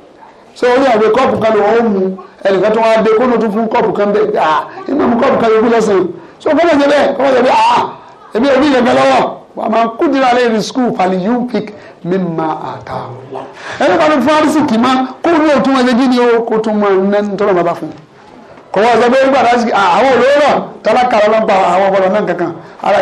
so orí àgbẹ̀ kọ́ọ̀pù kan ló ń mu ẹnìkan tó wá dé kó ló tún fún kọ́ọ̀pù kan bẹ́ẹ̀ à inú mu kọ́ọ̀pù kan yókù lọ́sàn-án so kọ́mọ̀ jẹ bẹ́ẹ̀ kọ́mọ̀ jẹ bẹ́ẹ̀ à ẹbí ẹbí yẹn bẹ́ lọ́wọ́ wà máa kú dira lé ní skul pàlí yóò pik mi ma àtà ẹni kan fún arísìkì máa kó ló tún ẹni gíní o kó tún máa nẹ́ni tó lọ́ máa fún un kò wọ́n sọ pé nígbà láti àwọn olówó náà tálákà lọ́nà bá àwọn ọ̀bọ̀lọ̀ náà kankan ara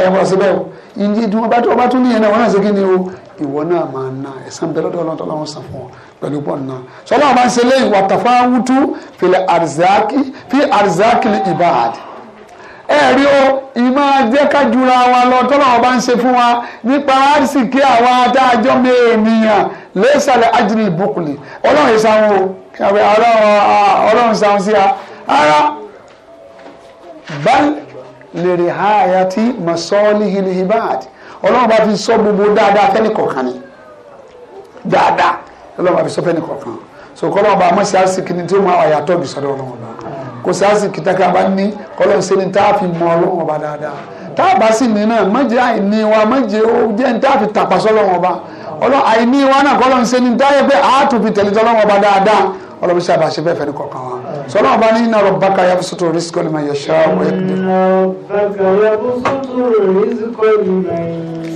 ni o ìwọ náà máa na ẹ̀sán bẹ́ẹ̀ lọ́dọ̀ ọlọ́run tọ́lá wọn sàn fún ọ pẹ̀lú pọ̀ náà sọlá wọn máa ń ṣe lẹ́yìn wà tàfà wútú fìlẹ̀ àrìsáàkì fi àrìsáàkì ìbáàd ẹ rí o ìmọ̀ ajẹ́kájura wa lọ tọ́lá wọn bá ń ṣe fún wa nípa àrísìkí àwa adájọ́ mẹ́ẹ̀ẹ́nìyàn lẹ́sàlẹ̀ ajínigbókùnrin ọlọ́run ìsanwó ọlọ́run ìsanwó sí wa ara bal lè rí ha àyà hilihibad ọlọ́run bá ti sọ gbogbo dáadáa fẹ́ni kọ̀ọ̀kan ni dáadáa ọlọ́run bá fi sọ fẹ́ni kọ̀ọ̀kan so kọ́lọ́run bá mọ̀ sí àsìkí ni tí ó máa wà yàtọ̀ bí sọ́dọ̀ ọlọ́run bá kò sí àsìkí tá a bá ní kọ́lọ́run sí ni tá a fi mọ ọlọ́run bá dáadáa tá a bá sì ní náà mọ̀jẹ̀ àìní wa mọ̀jẹ̀ ó jẹ́ ní tá a fi tàpá sọ́lọ́run bá ọlọ́run àìní wa náà sọlá ọba ní iná rabbaka yabsutu rizqa liman yasha'u wa yaqdir. iná rabbaka yabsutu rizqa liman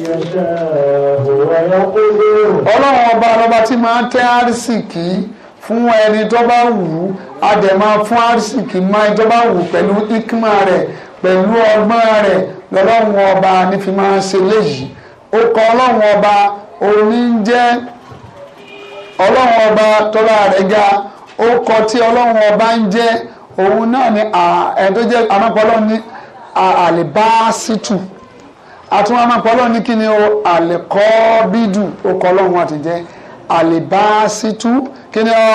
yasha'u wa yaqdir. ọlọ́run ọba ọba tí máa ń tẹ́ àrísìkì fún ẹni tó bá wù ú a dẹ̀ máa fún àrísìkì máa tó bá wù pẹ̀lú ikma rẹ̀ pẹ̀lú ọgbọ́n rẹ̀ lọ́lọ́run ọba ní fi máa ń ṣe léyìí ó kọ ọlọ́run ọba òní ń jẹ́ ọlọ́run ọba tọ́lá rẹ̀ ga orúkọ tí ọlọ́run ọba ń jẹ́ òun náà ni ẹni tó jẹ́ amápọ̀lọ́ ní àlèbáṣítù àtúnwá amápọ̀lọ́ ní kí ni o àlèkọ́bídù orúkọ ọlọ́run àti jẹ́ àlèbáṣítù kí ni o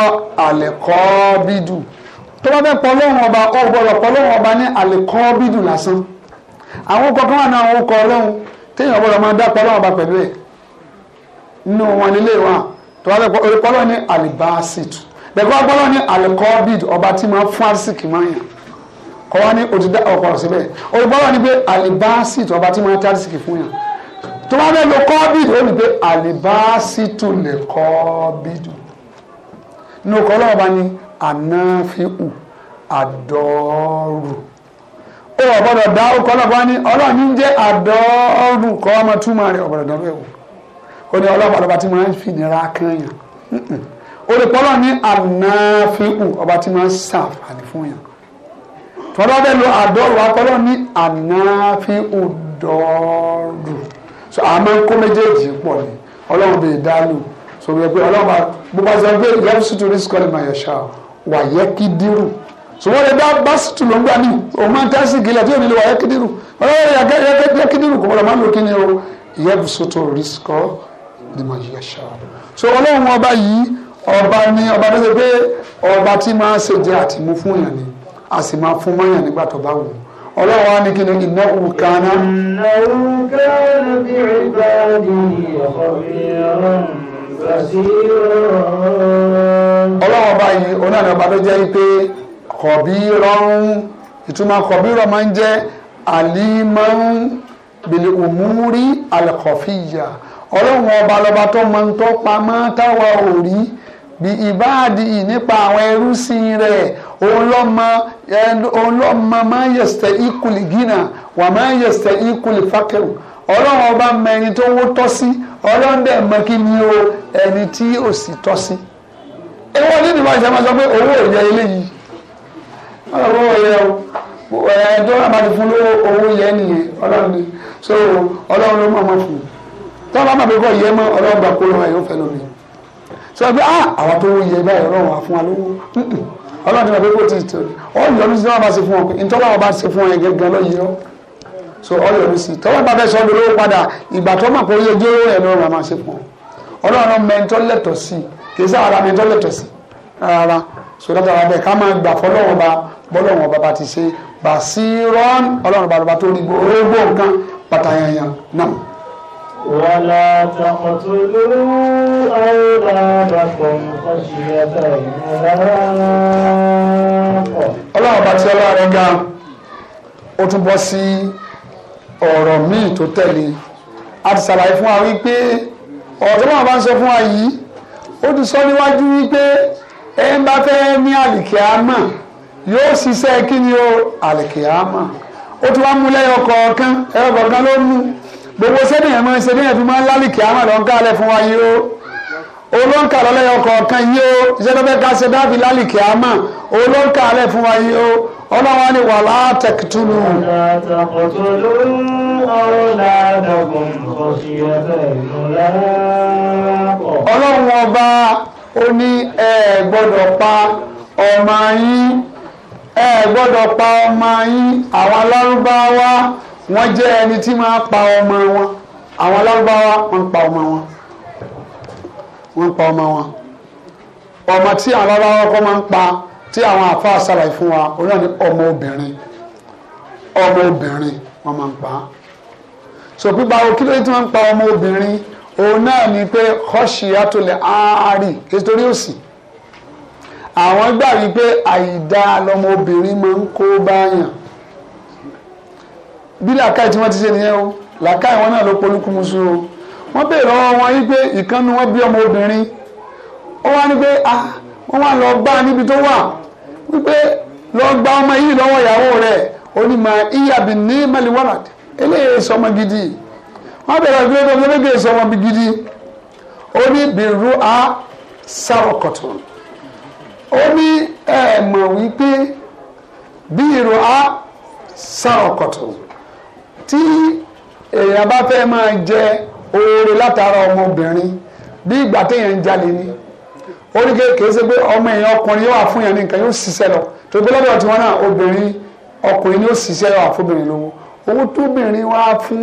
àlèkọ́bídù tó bá fẹ́ pọ̀ ọlọ́run ọba ó gbọ́dọ̀ pọ̀ ọlọ́run ọba ní àlèkọ́bídù lásán àwọn orúkọ kan wà náà orúkọ ọlọ́run téèyàn gbọ́dọ̀ máa dá pọ̀ ọlọ́run ọba pẹ̀lú ẹ̀ nínú wọn nílé wa tó bá fẹ́ pọ̀ ọlọ́run ní àlèbáṣítù pẹ̀lú agbọ́dọ̀ ní alikọ́bid ọba tí máa fún àrísìkì máa yàn ọwọ́ ní òdìdá ọ̀pọ̀ síbẹ̀ olùgbọ́dọ̀ ní pé alibasit ọba tí máa ń tàrísìkì fún yàn tó bá fẹ́ lo kọ́bid ó ní pé alibasitu lè kọ́bid nínú ọkọ̀ ọlọ́ọ̀ba ní anáfíù àdọ́rù ó ọ̀gbọ́dọ̀ dá ọkọ̀ ọlọ́ọ̀ba ní ọlọ́ọ̀ni ń jẹ́ àdọ́rù kọ́ ọmọ túmọ̀ rẹ̀ ọ̀gbọ́dọ̀ dọ́rù ẹ̀ ó ní ọlọ́ọ̀ba ọlọ́ba tí máa fi ìnira kan yàn olùpọ̀lọ́ ní ànáfíù ọba tí máa ń ṣàǹfààní fún yàn tọ́lá bẹ́ẹ̀ lo àdọ́rù akọ́lọ́ ní ànáfíù dọ́ọ̀rù so a máa ń kó méjèèjì pọ̀ ni ọlọ́run bèè dálù so wíwẹ́ pé ọlọ́run bá bó bá sọ pé yẹ́n sùtù rí sùkọ́ ní mayọ̀ṣà wà kí dírù so wọ́n lè bá bá sùtù ló ń gbà ní òun máa ń tẹ́sí gílẹ̀ tí ò ní lè wà yẹ́ kí dírù ọlọ́run yẹ́ so ọlọ́run ọba yìí ọba ní ọba tó ṣe pé ọba tí máa ṣe jẹ àtìmú fún yàn ni a sì máa fún mọ́yàn nígbà tó bá wù ú ọlọ́run á ní kí ni iná òwú kaná. ìnáwó kẹ́rù bí ìbáàdì ọ̀rẹ́rùn ọlọ́run ọba yìí onáà ní ọba tó jẹ́ pé kọ̀bí rọrùn ìtumọ̀ kọ̀bí rọ máa ń jẹ́ àlímọ́rún bìlì òmùúrí àlẹ́kọ̀fìyà ọlọ́run ọba lọ́ba tó máa ń tọ́ pamọ́ táwa ò rí. bí ìbáàdì yìí nípa àwọn ẹrú sí rẹ̀ òun máa ń yẹ̀sẹ̀ ìkùlì gínà wà máa ń yẹ̀sẹ̀ ìkùlì fákẹ́rù ọlọ́run ọba mọ ẹni tó wó tọ́ sí ọlọ́run dẹ̀ mọ kí ni o ẹni tí sì tọ́ sí. máa sọ pé owó ọlọ́run yẹ o ẹni tó máa ti fún lówó owó yẹ nìyẹn ọlọ́run ni so ọlọ́run ló máa máa fún un tọ́lá sọ pé ah àwọn tó ń yẹ báyìí ọlọ́run á fún wa lówó ọlọ́run ti mọ̀ pé kò tí ì tó ọ̀yọ́ ló ti tọ́wọ́ bá ṣe fún ọ pé ntọ́wọ́ bá ṣe fún ọ yẹn gẹ́gẹ́ lọ́yẹ̀ ọ́ so ọ̀yọ́ ló sì tọ́wọ́ bá fẹ́ sọ ọ́ lówó padà ìgbà tó mọ̀ pé ó yẹ jẹ́ owó yẹn lọ́run á máa ṣe fún ọ ọlọ́run mẹ́ntọ́ lẹ́tọ̀ sí kì í sára mẹ́ntọ́ lẹ́tọ̀ sí rárá so dáadáa wà bẹ́ẹ̀ ká máa gbà fọlọ́wọ́n ba bọ́lọ́wọ́n bàbá ti ṣe bàṣírọ́n ọlọ́run bàbá tó rí gbogbo nǹkan ولا تقتلوا أولادكم خشية إملاق a ti ṣàlàyé fún wa wípé ọ̀rọ̀ fún wa yìí ó ti sọ níwájú wípé ẹ ń bá fẹ́ ní àlìkíámà yóò ṣiṣẹ́ kí ni ó àlìkíámà ó ti wá mú lẹ́yọ kọ̀ọ̀kan ẹ̀rọ kọ̀ọ̀kan ló mú gbogbo sẹ́ni ẹ̀ máa ń ṣe bí ẹ̀ fi máa ń lálìkì àwọn ọ̀dọ́ ń kálẹ̀ fún wa yìí ó olóńkà lọ́lẹ́yọ kọ̀ọ̀kan yìí ó iṣẹ́ tó fẹ́ ká ṣe dábì lálìkì àmà olóńkà alẹ́ fún wa yìí ó ọlọ́wọ́n ni wàhálà tẹ̀kítúnú. ọlọ́run ọba ó ní ẹ gbọ́dọ̀ pa ọmọ yín ẹ gbọ́dọ̀ pa ọmọ wọ́n jẹ́ ẹni tí máa pa ọmọ wọn àwọn lárúbáwá wọ́n pa ọmọ wọn wọ́n pa ọmọ wọn ọmọ tí àwọn lárúbáwá kọ́ máa ń pa tí àwọn àfáà ṣàlàyé fún wa òun náà ni ọmọ obìnrin ọmọ obìnrin wọ́n máa ń pa á so pípa o kí ló dé tí wọ́n ń pa ọmọ obìnrin òun náà ni pé kọ́ṣìyà tó lẹ̀ áárì nítorí òsì àwọn gbà wípé àìdá lọmọ obìnrin máa ń kó báyàn bí làákàyè tí wọ́n ti ṣe nìyẹn o làákàyè wọn náà ló polúkú o wọ́n bèèrè ọwọ́ wọn yí pé ìkànnì wọn bí ọmọ obìnrin ó wá ní pé wọ́n wá lọ gba níbi tó wà wípé lọ gba ọmọ yìí lọ́wọ́ ìyàwó rẹ̀ ó ní ní sọmọ gidi wọ́n sọmọ gidi ó ní ó ní ẹ̀ mọ̀ wípé tí èèyàn bá fẹ́ máa jẹ oore látara ọmọbìnrin bí ìgbà téèyàn ń jalè ni oríkè kìí ṣe pé ọmọ èèyàn ọkùnrin yóò wà fún yẹn ní nǹkan yóò ṣiṣẹ́ lọ tó gbé lọ́dọ̀ tiwọn náà obìnrin ọkùnrin yóò ṣiṣẹ́ lọ àfọbìnrin lówó owó tóbìnrin wá fún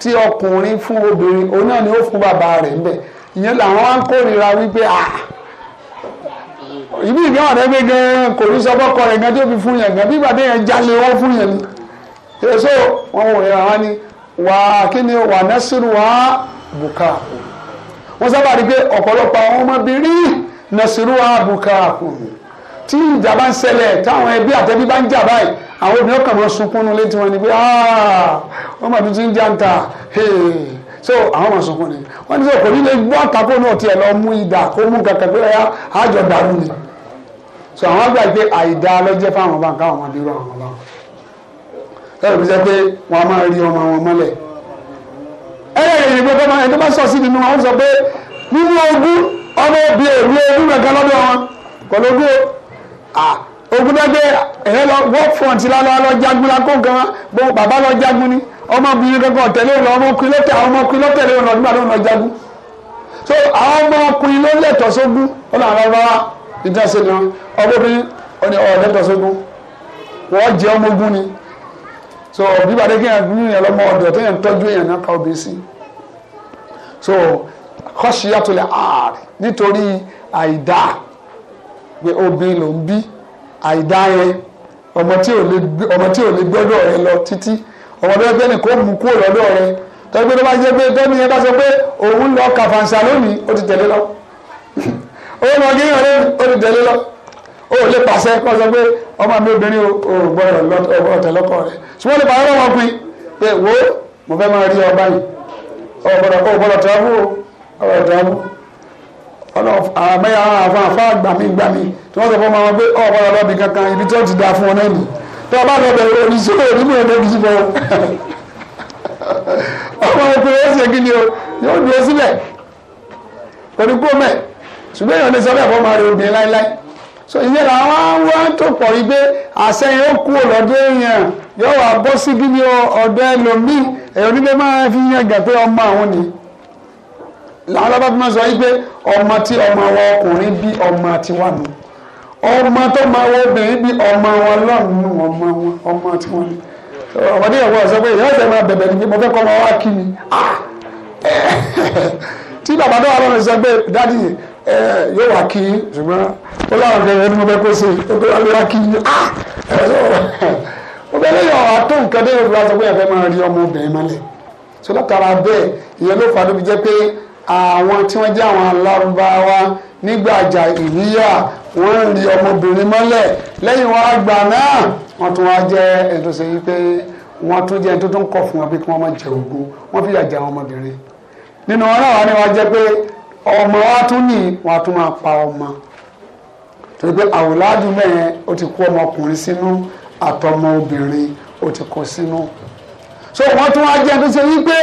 tí ọkùnrin fún obìnrin òun náà ni ó fún bàbá rẹ̀ ńbẹ̀ ìyẹn làwọn wá ń kórìíra wípé à ìbí ìgbà wà lẹ́gbẹ̀ẹ́ kò ní sọ fọ́kọ rẹ̀ gan tó fi fún yẹn gan bí ìgbà téèyàn jalè wọ́n fún yẹn ni èso wọn wò yẹn wọn ni wà á kí ni wà ná sínú wà á bùkà kù wọn sábà rí i pé ọ̀pọ̀lọpọ̀ àwọn ọmọbìnrin ná sínú wà á bùkà kù tí ìjà bá ń ṣẹlẹ̀ táwọn ẹbí àtẹbí bá ń jà báyìí àwọn obìnrin kan máa sunkún nu létí wọn ni pé wọn máa tuntun ń jà ń ta so àwọn máa sunkún ni wọn ní sọ kò ní lè gbọ́ àtàkùn náà tiẹ̀ lọ mú idà kó mú kankan pé ẹ̀yà àjọ dàrú ni so àwọn àgbà pé àìdá lọ́jẹ́ fáwọn bá ń tẹ́lẹ̀ fi jẹ́ pé wọ́n á máa rí ọmọ wọn mọ́lẹ̀. ẹlẹ́yìn ìgbẹ́ tó máa ẹni tó bá sọ sí nínú wọn sọ pé nínú ogún ọmọ obì èrú ogún kankan lọ́dọ̀ wọn kò lógún o ogún tó gbé ẹ̀rẹ́ lọ wọ́n fọ̀ǹtì lálọ́ lọ jagun la kó nǹkan bó bàbá lọ jagun ni ọmọ obìnrin kankan tẹ̀lé lọ ọmọ ọkùnrin lọ́tẹ̀ àwọn ọmọ ọkùnrin lọ́tẹ̀ lé lọ nígbà tó ń lọ jagun so àwọn ọmọ ọkùnrin ló lẹ́tọ̀ọ́ sógún ó lọ àwọn ọmọ wa ìjọsìn ni wọn ọmọ obìnrin ọ̀lẹ́tọ̀ọ́ sógún wọ́n jẹ́ ọmọ ogun ni so bíbá dé kéèyàn nínú yẹn lọ́mọ ọ̀dọ̀ téèyàn tọ́jú èèyàn náà ká obìnrin sí so kọ́ṣí yàtọ̀lẹ̀ ààrẹ nítorí àìdá pé obìnrin ló ń bí àìdá yẹn ọmọ tí ò lè gbọ́dọ̀ rẹ lọ títí ọmọ tó gbẹ́ni kó mú kúrò lọ́dọ̀ rẹ tọ́gbẹ́ tó bá jẹ́ pé tẹ́ni yẹn bá sọ pé òun lọ kàfàǹsà lónìí ó ti tẹ̀lé lọ ó lọ kí yàn lónìí ó ti tẹ̀lé lọ ó lè pàṣẹ kó sọ pé ọmọ mi obìnrin o gbọ́dọ̀ ọ̀tẹ̀ lọ́kọ rẹ̀ ṣùgbọ́n lè pàṣẹ lọ́wọ́ pin pé wo mo fẹ́ máa rí ọba yìí ọ̀gbọ̀dọ̀ kó gbọ́dọ̀ tẹ́wọ́ ọ̀gbọ̀dọ̀ tẹ́wọ́ àmẹ́yà àwọn àfa gbàmígbàmí tí wọ́n sọ fún ọmọ wọn pé ọ̀gbọ́dọ̀ lọ́bì kankan ibi tí wọ́n ti dà fún ọ náà nì tí wọ́n bá lọ bẹ̀rẹ̀ oníṣòwò onímọ̀ ẹ̀dọ́ gidi bọ̀ ọmọ ọkùnrin ó ṣe gidi o yóò dúró sílẹ̀ pẹ̀lú gbọ́mẹ̀ ṣùgbọ́n èèyàn lè sọ bẹ́ẹ̀ fọ́ máa rí obìnrin láíláí so ìyẹn làwọn wá tó pọ̀ yìí pé àṣẹ yẹn ó kú ọ̀lọ́dẹ yẹn yóò wá bọ́ sí kí ni ẹ̀yọ́ máa fi yẹn gà pé ọmọ àwọn ni làwọn fi máa sọ yìí pé ọmọ tí ọmọ wọn ọkùnrin bí ọmọ àti wà nù ọmọ tó máa wọ obìnrin bí ọmọ wọn lọ́nù ọmọ wọn ọmọ àti wọn ni ọmọdé yẹn wọ́n sọ pé ìyá máa bẹ̀bẹ̀ mo fẹ́ kọ́ ọmọ wa kí ni ah! tí bàbá náà lọ́nà sọ pé dáàdì yìí ẹ yóò wá kí ṣùgbọ́n ó láwọn kẹrin ẹni mo fẹ́ kó sí ó tó wáá wá kí yín ah ẹ sọ ó bẹ lẹ́yìn ọ̀rọ̀ àtó nǹkan dé ìlú aṣọ pé ẹ̀fẹ́ máa rí ọmọ obìnrin mọ́lẹ̀ so látara bẹ́ẹ̀ ìyẹn ló fà á tóbi jẹ́ pé àwọn tí wọ́n jẹ́ àwọn alárúbáwá nígbàjà ìníyà wọ́n ń rí ọmọbìnrin mọ́lẹ̀ lẹ́yìn wọn àgbà náà wọ́n tún wá jẹ́ ẹni tó ṣe yí pé wọ́n tún jẹ́ ẹni tó tún kọ̀ fún wọn pé kí wọ́n má jẹ ògùn wọ́n fìyà jẹ àwọn ọmọbìnrin nínú wọn náà wà ní jẹ́ pé ọmọ wa tún ní wọn a tún máa pa ọmọ torí pé àwòládù mẹ́yẹn ó ti kó ọmọkùnrin sínú ti kó sínú so wọn tún wá jẹ́ tó ṣe wípé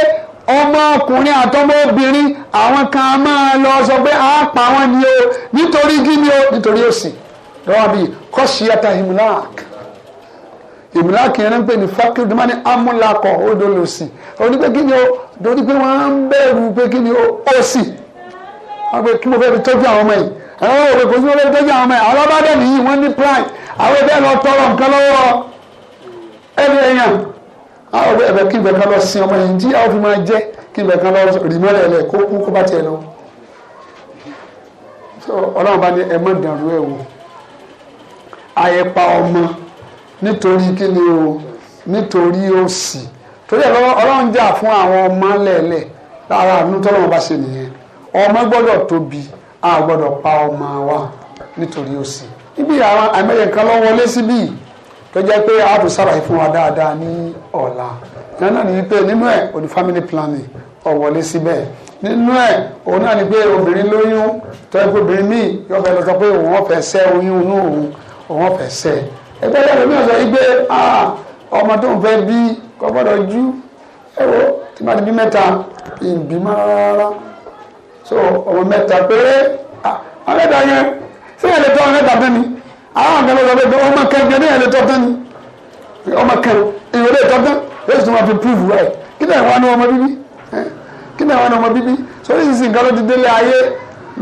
ọmọkùnrin àtọmọ obìnrin àwọn kan máa lọ sọ a pa wọn ni o nítorí kí nítorí òsì lọ́wọ́ bíi kọ́ṣíọ́tà yẹn ń pè ní ní lòsì o torí pé á ń bẹ̀rù o wọ́n pe kí mo fẹ́ fi tọ́jú àwọn ọmọ yìí àwọn ọmọ òwe kò sí mo fẹ́ fi tọ́jú àwọn ọmọ yìí àwọn ọba dẹ̀ nìyí wọ́n ní pride àwọn ẹgbẹ́ lọ tọrọ nǹkan lọ́wọ́ ẹni èèyàn àwọn ọba ẹ̀fẹ̀ kí n bẹ̀ kan lọ sin ọmọ yìí tí àwọn fi máa jẹ́ kí n bẹ̀ kan lọ rì mọ́lẹ̀ lẹ̀ kó kú kó bá tiẹ̀ lọ. ọlọ́run bá ní ẹ mọ̀ dàrú ẹ̀ wò àyẹ̀pà ọmọ nítorí kí ni o nítorí òsì torí ẹ̀ lọ́wọ́ ọlọ́run jà fún àwọn ọmọ lẹ̀lẹ̀ lára àánú tọ́lọ́run bá ṣe nìyẹn ọmọ gbọdọ tóbi a gbọ́dọ̀ pa ọmọ wa nítorí ibi àwọn àìmọye nǹkan ló wọlé síbí tó jẹ́ pé a tún ṣàlàyé fún wa dáadáa ní ọ̀la ìyẹn náà pé nínú family planning ọ wọlé nínú òun náà ni pé obìnrin lóyún tó yẹ pé obìnrin míì lọ sọ pé òun oyún inú òun òun mi sọ wípé ọmọ tó ń bí so ọmọ mẹ́ta péré ah, àwọn mẹ́ta yẹn sẹ́yìn ẹ̀ lè tọ́ mẹ́ta tán ni àwọn kan ló sọ pé ọmọ kẹrin ní ẹ̀ lè tọ́ tán ni ọmọ kẹrin ìwé lè tọ́ tán lẹ́sìn tó máa fi púùfù rẹ̀ kí náà wà ní ọmọ bíbí kí náà wà ní ọmọ bíbí so oríṣiríṣi nǹkan ló ti délé ayé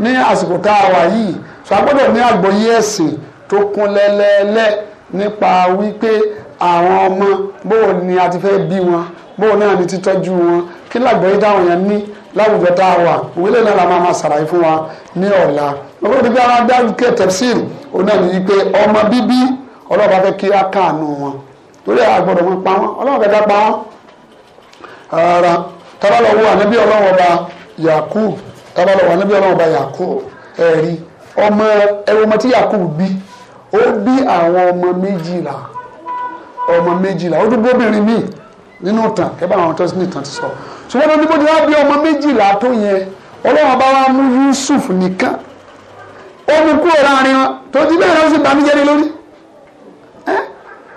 ní àsìkò tá a wà yìí so a gbọ́dọ̀ ní àgbọ́yé ẹ̀sìn tó kún lẹ́lẹ́lẹ́ nípa wípé àwọn ọmọ bóun ni a ti fẹ́ bí wọn bóun náà ni títọ́jú wọn kí lágbọ́yé táwọn yẹn ní láwùjọ tá a wà òun lè náà la máa ma ṣàlàyé fún wa ní ọ̀la lọ́wọ́ níbi àwọn adáríkẹ́ tẹ̀síìrì òun náà pé ọmọ bíbí ọlọ́ọ̀bá fẹ́ kí á wọn torí àgbọ̀dọ̀ wọn pa wọn ọlọ́ọ̀bá fẹ́ pa wọn. ara tábàlọ́wọ́ ọba ọmọ ọmọ tí yaku bí ó bí àwọn ọmọ méjìlá ọmọ méjìlá ó míì nínú ìtàn kẹ́ ṣùgbọ́n ní bóde wá bí ọmọ méjìlá tó yẹn ọlọ́run bá wá mú Yusuf nìkan ó mú kúrò láàrin wọn tó ti bẹ́ẹ̀ lọ́wọ́ sí ìbànújẹ́ ní lórí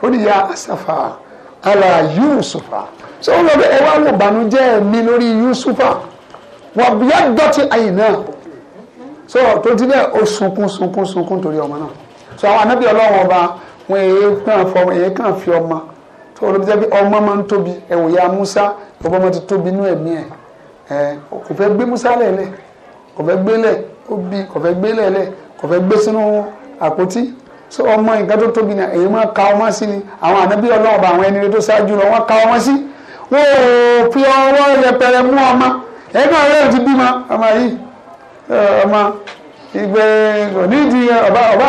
ó ní ya asafa ala Yusufa ṣé wọn lọ bẹ ẹ wá wò ìbànújẹ́ mi lórí Yusufa wà bíyà dọ́tí àyìn náà so tó ti bẹ́ẹ̀ ó sunkún sunkún sunkún torí ọmọ náà so àwọn anábìyà ọlọ́run ọba wọn èyí kàn fọmọ èyí kàn fi ọmọ tó olóbi jẹ́ pé ọmọ máa ń tóbi ẹ̀wò ya Musa ọmọ máa ti tóbi inú ẹ̀mí ẹ̀ ẹ̀ kò fẹ́ gbé Musa lẹ̀lẹ̀ kò fẹ́ gbé lẹ̀ ó bí kò fẹ́ gbé lẹ̀lẹ̀ kò fẹ́ gbé sínú àpótí so ọmọ nǹkan tó tóbi ni èyí máa ka ọmọ sí ni àwọn ànábí Ọlọ́run bá àwọn ẹni tó ṣáájú lọ wọ́n ka ọmọ sí wọ́n ò fi ọwọ́ yẹpẹrẹ mú ọmọ ẹgbẹ́ ọ̀rẹ́ ti bímọ ọmọ yìí ọmọ ìgbẹ́ kò ọba ọba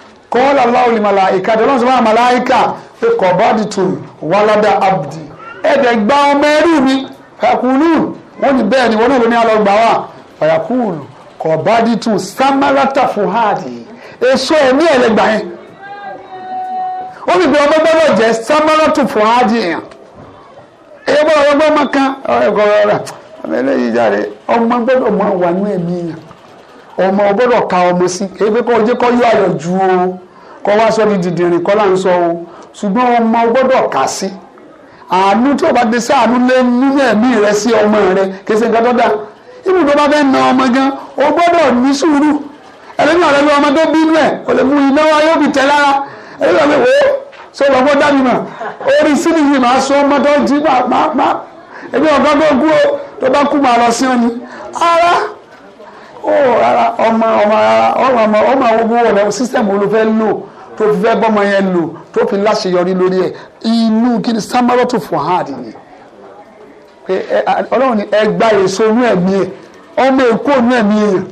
kọ́lá láwùlì màláìka tí ọlọ́run sọ fún màláìka pé walada abdi ẹ̀dẹ̀ gba ọmọ ẹrú mi fàkúlù bẹ́ẹ̀ ni wọ́n náà ló ní alọ́gbà wa fàyàkúlù samarata fuhadi èso ẹ̀mí ẹ̀lẹ́gbà o ó ní bí ọmọ gbọ́dọ̀ fuhadi yẹn èyí bọ́ọ̀ ọmọ kan ọ̀rẹ́ ọmọ ọgbọdọ ka ọmọ sí kéèké kọ́ jẹ́ kọ́ yọ ayọ̀ ju o sọ sọ o ọmọ ọgbọdọ kà sí àánú tí o bá dé sí àánú lé nínú rẹ sí ọmọ rẹ ibi tó bá fẹ́ na ọmọ gan o ní sùúrù ọ̀rẹ́ mi ọmọ tó ẹ̀ o lè mú iná wa sọ fọ́ mà orí yìí sọ ọmọ tó jí pàápàá ó rárá ọmọ ọmọ rárá ọmọ ọmọ àwọn owó rẹ sísẹ̀mù olùfẹ́ lò tó fi fẹ́ bọ́mọ yẹn lò tó fi láṣeyọrí lórí ẹ̀ inú kí ni sámárọ̀ tó fò hàn pé ọlọ́run ni ẹ èso inú ẹ̀mí ẹ̀ ọmọ èkó inú ẹ̀mí èèyàn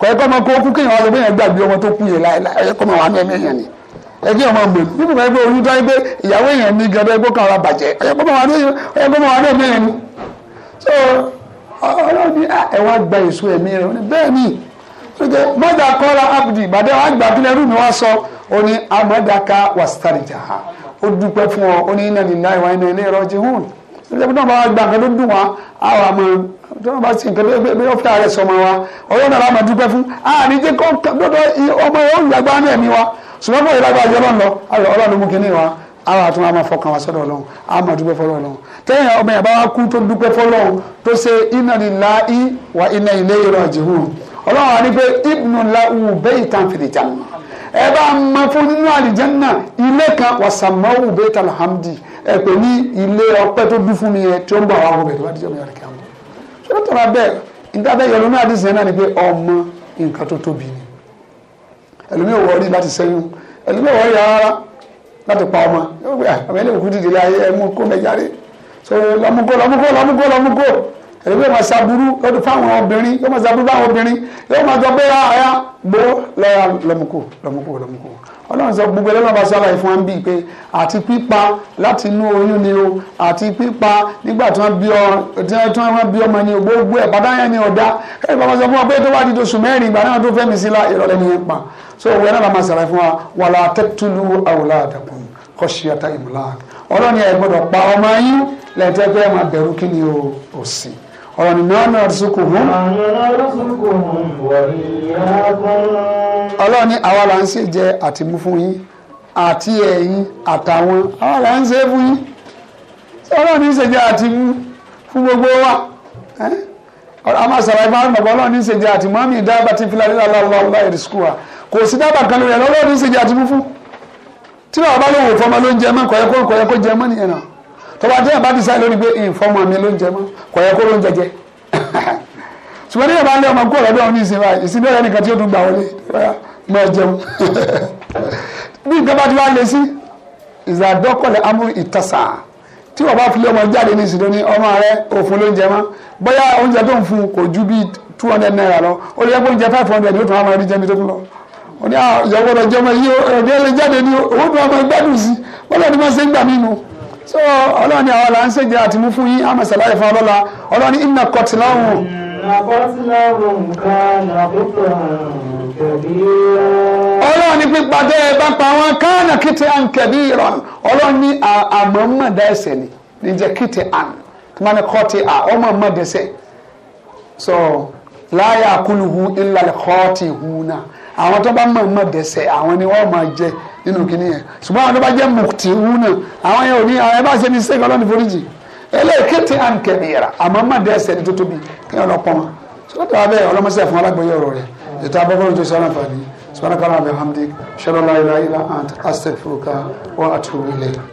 kọ̀ọ̀kan ọmọ kó kú kéèyàn yẹn gbàgbé ọmọ tó kú yẹn máa wà ọmọ nínú ìyàwó èèyàn ní kan ní ni so ọlọ́run ní ẹ wá gba èso ẹ̀mí rẹ̀ ní bẹ́ẹ̀ ni mọ́dà kọ́ra abdi ìbàdàn wa gbà kílẹ̀ rúmi wá sọ ó ní amọ́dàkà wàsítàrìjà ó dúpẹ́ fún ọ ó ní iná ní náírà iná ilé ẹ̀rọ jẹ hùn ìjọba náà bá wá gba nǹkan tó dùn wá àwọn àmọ́ tó náà bá sì nǹkan tó gbé ó fẹ́ ààrẹ sọmọ wa ọwọ́ náà láwọn dúpẹ́ fún àní jẹ́ kó dọ́dọ̀ ọmọ yẹn ó yàgbá ní ẹ̀mí wa ṣùgbọ́n kò yẹ lágbára jẹ́ lọ́nà àwọn àtúntò àwọn afọkàn wa sọ́dọ̀ Ọlọ́run àwọn máa dúpẹ́ fọ́lọ́run Ọlọ́run tẹyìn ọmọ yẹn bá wá kú tó dúpẹ́ fọ́lọ́run tó ṣe inna lillahi wa inna ilayhi raji'un Ọlọ́run wa ni pé ibnu lahu baytan fil janna ẹ bá máa fún nínú àlìjánná ilé kan wasamahu baytal hamdi ẹ pè ní ilé ọpẹ́ tó dún fún mi yẹn tí ó ń bọ̀ àwọn ọmọ ìdíwájú ọmọ yàrá kẹwọn ṣé ló tọ́ra nígbà bẹ́ẹ̀ yẹlòmí náà ni pé láti sẹ́yìn ẹlòmí ò rárá láti pa ọmọ yóò gbé ah, àbẹ̀lẹ̀ òkú dìde láyé ẹ̀mú kó mẹ́jáde so lọ́múgó lọ́múgó lọ́múgó lọ́múgó ẹlẹ́gbẹ́ máa ṣàbúrú lọ́dún fáwọn obìnrin yóò máa ṣàbúrú fáwọn obìnrin yóò máa sọ pé àyà ah, gbó lọ́yà lọ́mùkù lọ́mùkù lọ́mùkù ọlọ́run sọ gbogbo ẹlẹ́nu ọba sọ́la ìfún wọn bíi pé àti pípa láti inú oyún ni o àti pípa nígbà tí wọ́n bí ọ tí wọ́n bí ọmọ ni o gbogbo ẹ̀ bàbá yẹn ni ọ̀dá ẹ̀ bàbá sọ fún wa pé tó bá di oṣù mẹ́rin ìgbà náà tó fẹ́mi sí la ìrọ̀lẹ́ ni yẹn pa so òwe náà máa ṣàlàyé fún wa wàlá tẹ́tùlù àwòlá àdàkùn kọ́ṣíyàtà ìmùlá ọlọ́run ẹ̀ gbọ́dọ̀ pa ọmọ yín lẹ́tẹ́ pé ẹ máa bẹ̀rù kí ni o ò sìn ọ̀rọ̀ ni máa náà sùkù hùn. ọlọ́run ní àwa là ń ṣe jẹ àtìmú fún yín àti ẹ̀yin àtàwọn àwa là ń ṣe fún yín ṣé ọlọ́run ní ṣe jẹ àtìmú fún gbogbo wa a máa sọ̀rọ̀ ìfọwọ́ àgbàgbọ́ ọlọ́run ní ṣe jẹ àtìmú àmì ìdáàbà tí fúlàní lálọ́ọ̀lá ẹ̀rí sùkù wa kò sí dábàá kan lórí ẹ̀ lọ́lọ́run ní ṣe jẹ àtìmú fún tí bàbá lòun ò fọmọ ló ń jẹ mọ́ kọ̀yẹ́kọ́ kọ̀yẹ́kọ́ jẹ mọ́ nìyẹn náà tọ́wọ́ adé yàrá bá dísáì lórí pé ìfọ́mọ mi ló ń jẹ mọ́ kò yẹ kó ló ń jẹjẹ ṣùgbọ́n ní yàrá lé ọmọ kó ọ̀rọ̀ bí wọn ní ìsinmi báyìí ìsinmi ọ̀rẹ́ nìkan tí ó tún gbà wọlé mọ́ jẹun bí nǹkan bá ti wá lé sí ìzàdọ́kọ̀lẹ̀ amúrú ìtàsà tí wọ́n bá fi lé ọmọ jáde ní ìsìndó ní ọmọ rẹ òfun ló ń jẹ mọ́ bóyá oúnjẹ tó ń fún kò ju bíi two hundred naira lọ ó lè yẹ kó oúnjẹ five hundred ló tún wá máa rí jẹmi tó tún lọ ó ní àwọn ah, ìyàwó rẹ jọmọ yìí ó ẹ̀ẹ́dẹ́rẹ́ jáde ní owó tó wá máa gbádùn sí wọ́n lọ́ọ́ ni wọ́n ṣe ń gbà mí nù so ọlọ́run ni àwọn là ń ṣèjẹ́ àti mú fún yín àmọ̀ ṣàlàyé fún ọlọ́la ọlọ́run ní iná kọ̀tì láwùn. ọlọ́run ní pípa tẹ́ ẹ bá pa wọn káànà kìtì àn kẹ̀bí ìrọ̀n ọlọ́run ní àmọ́mọ́dá ẹsẹ̀ ni níjẹ́ kìtì àn tí wọ́n ní à ọmọ mọ́dẹsẹ̀ so láyà kúlùhù ìlàlẹ̀ kọ́tì hùnà àwọn tó bá mọ̀ọ́mọ́dẹsẹ̀ àwọn ni wọ́n máa jẹ́ nínú kínní yẹn ṣùgbọ́n àwọn tó bá jẹ́ mùtì wú náà àwọn yẹn ò ní àwọn ẹ bá ṣe ní sẹ́kọ̀ ọlọ́ni foríjì ẹlẹ́ẹ̀kẹ́tì à ń kẹ́mi yẹra àmọ́ má dẹ́ ẹsẹ̀ ní tó tóbi kí wọ́n lọ pọ́n wọn sọ́dọ̀ abẹ́ ọlọ́mọṣẹ́ fún alágbèyẹ ọ̀rọ̀ rẹ̀ ètò abọ́kọ́rọ̀ tó sọ́nà fàní sọ́nà kọ́nà abẹ́ hamdi ṣọlọ́lá ilá ilá àti